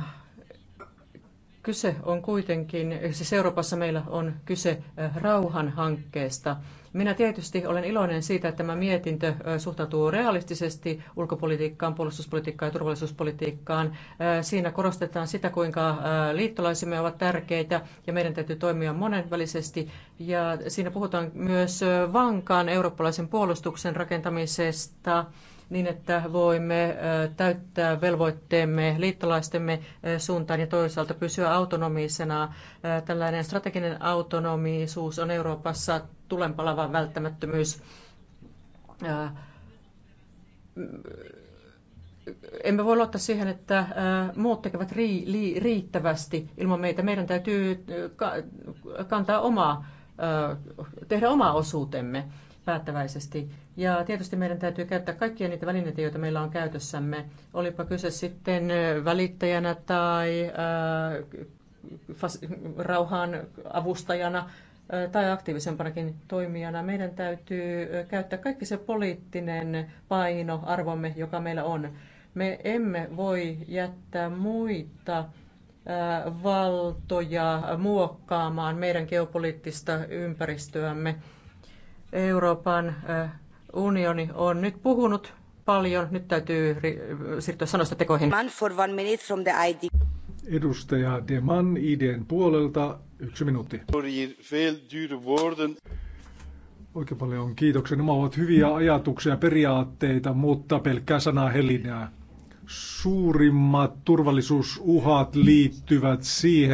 Kyse on kuitenkin, siis Euroopassa meillä on kyse rauhan hankkeesta. Minä tietysti olen iloinen siitä, että tämä mietintö suhtautuu realistisesti ulkopolitiikkaan, puolustuspolitiikkaan ja turvallisuuspolitiikkaan. Siinä korostetaan sitä, kuinka liittolaisimme ovat tärkeitä ja meidän täytyy toimia monenvälisesti. Ja siinä puhutaan myös vankaan eurooppalaisen puolustuksen rakentamisesta – niin, että voimme täyttää velvoitteemme liittolaistemme suuntaan ja toisaalta pysyä autonomisena. Tällainen strateginen autonomisuus on Euroopassa tulenpalava välttämättömyys emme voi luottaa siihen, että muut tekevät riittävästi ilman meitä. Meidän täytyy kantaa omaa, tehdä omaa osuutemme päättäväisesti. Ja tietysti meidän täytyy käyttää kaikkia niitä välineitä, joita meillä on käytössämme. Olipa kyse sitten välittäjänä tai rauhaan avustajana tai aktiivisempanakin toimijana. Meidän täytyy käyttää kaikki se poliittinen paino arvomme, joka meillä on. Me emme voi jättää muita valtoja muokkaamaan meidän geopoliittista ympäristöämme. Euroopan unioni on nyt puhunut paljon. Nyt täytyy siirtyä sanoista tekoihin. For one minute from the ID. Edustaja Deman IDn puolelta yksi minuutti. Oikein paljon kiitoksia. Nämä ovat hyviä ajatuksia ja periaatteita, mutta pelkkää sanaa helinää. Suurimmat turvallisuusuhat liittyvät siihen,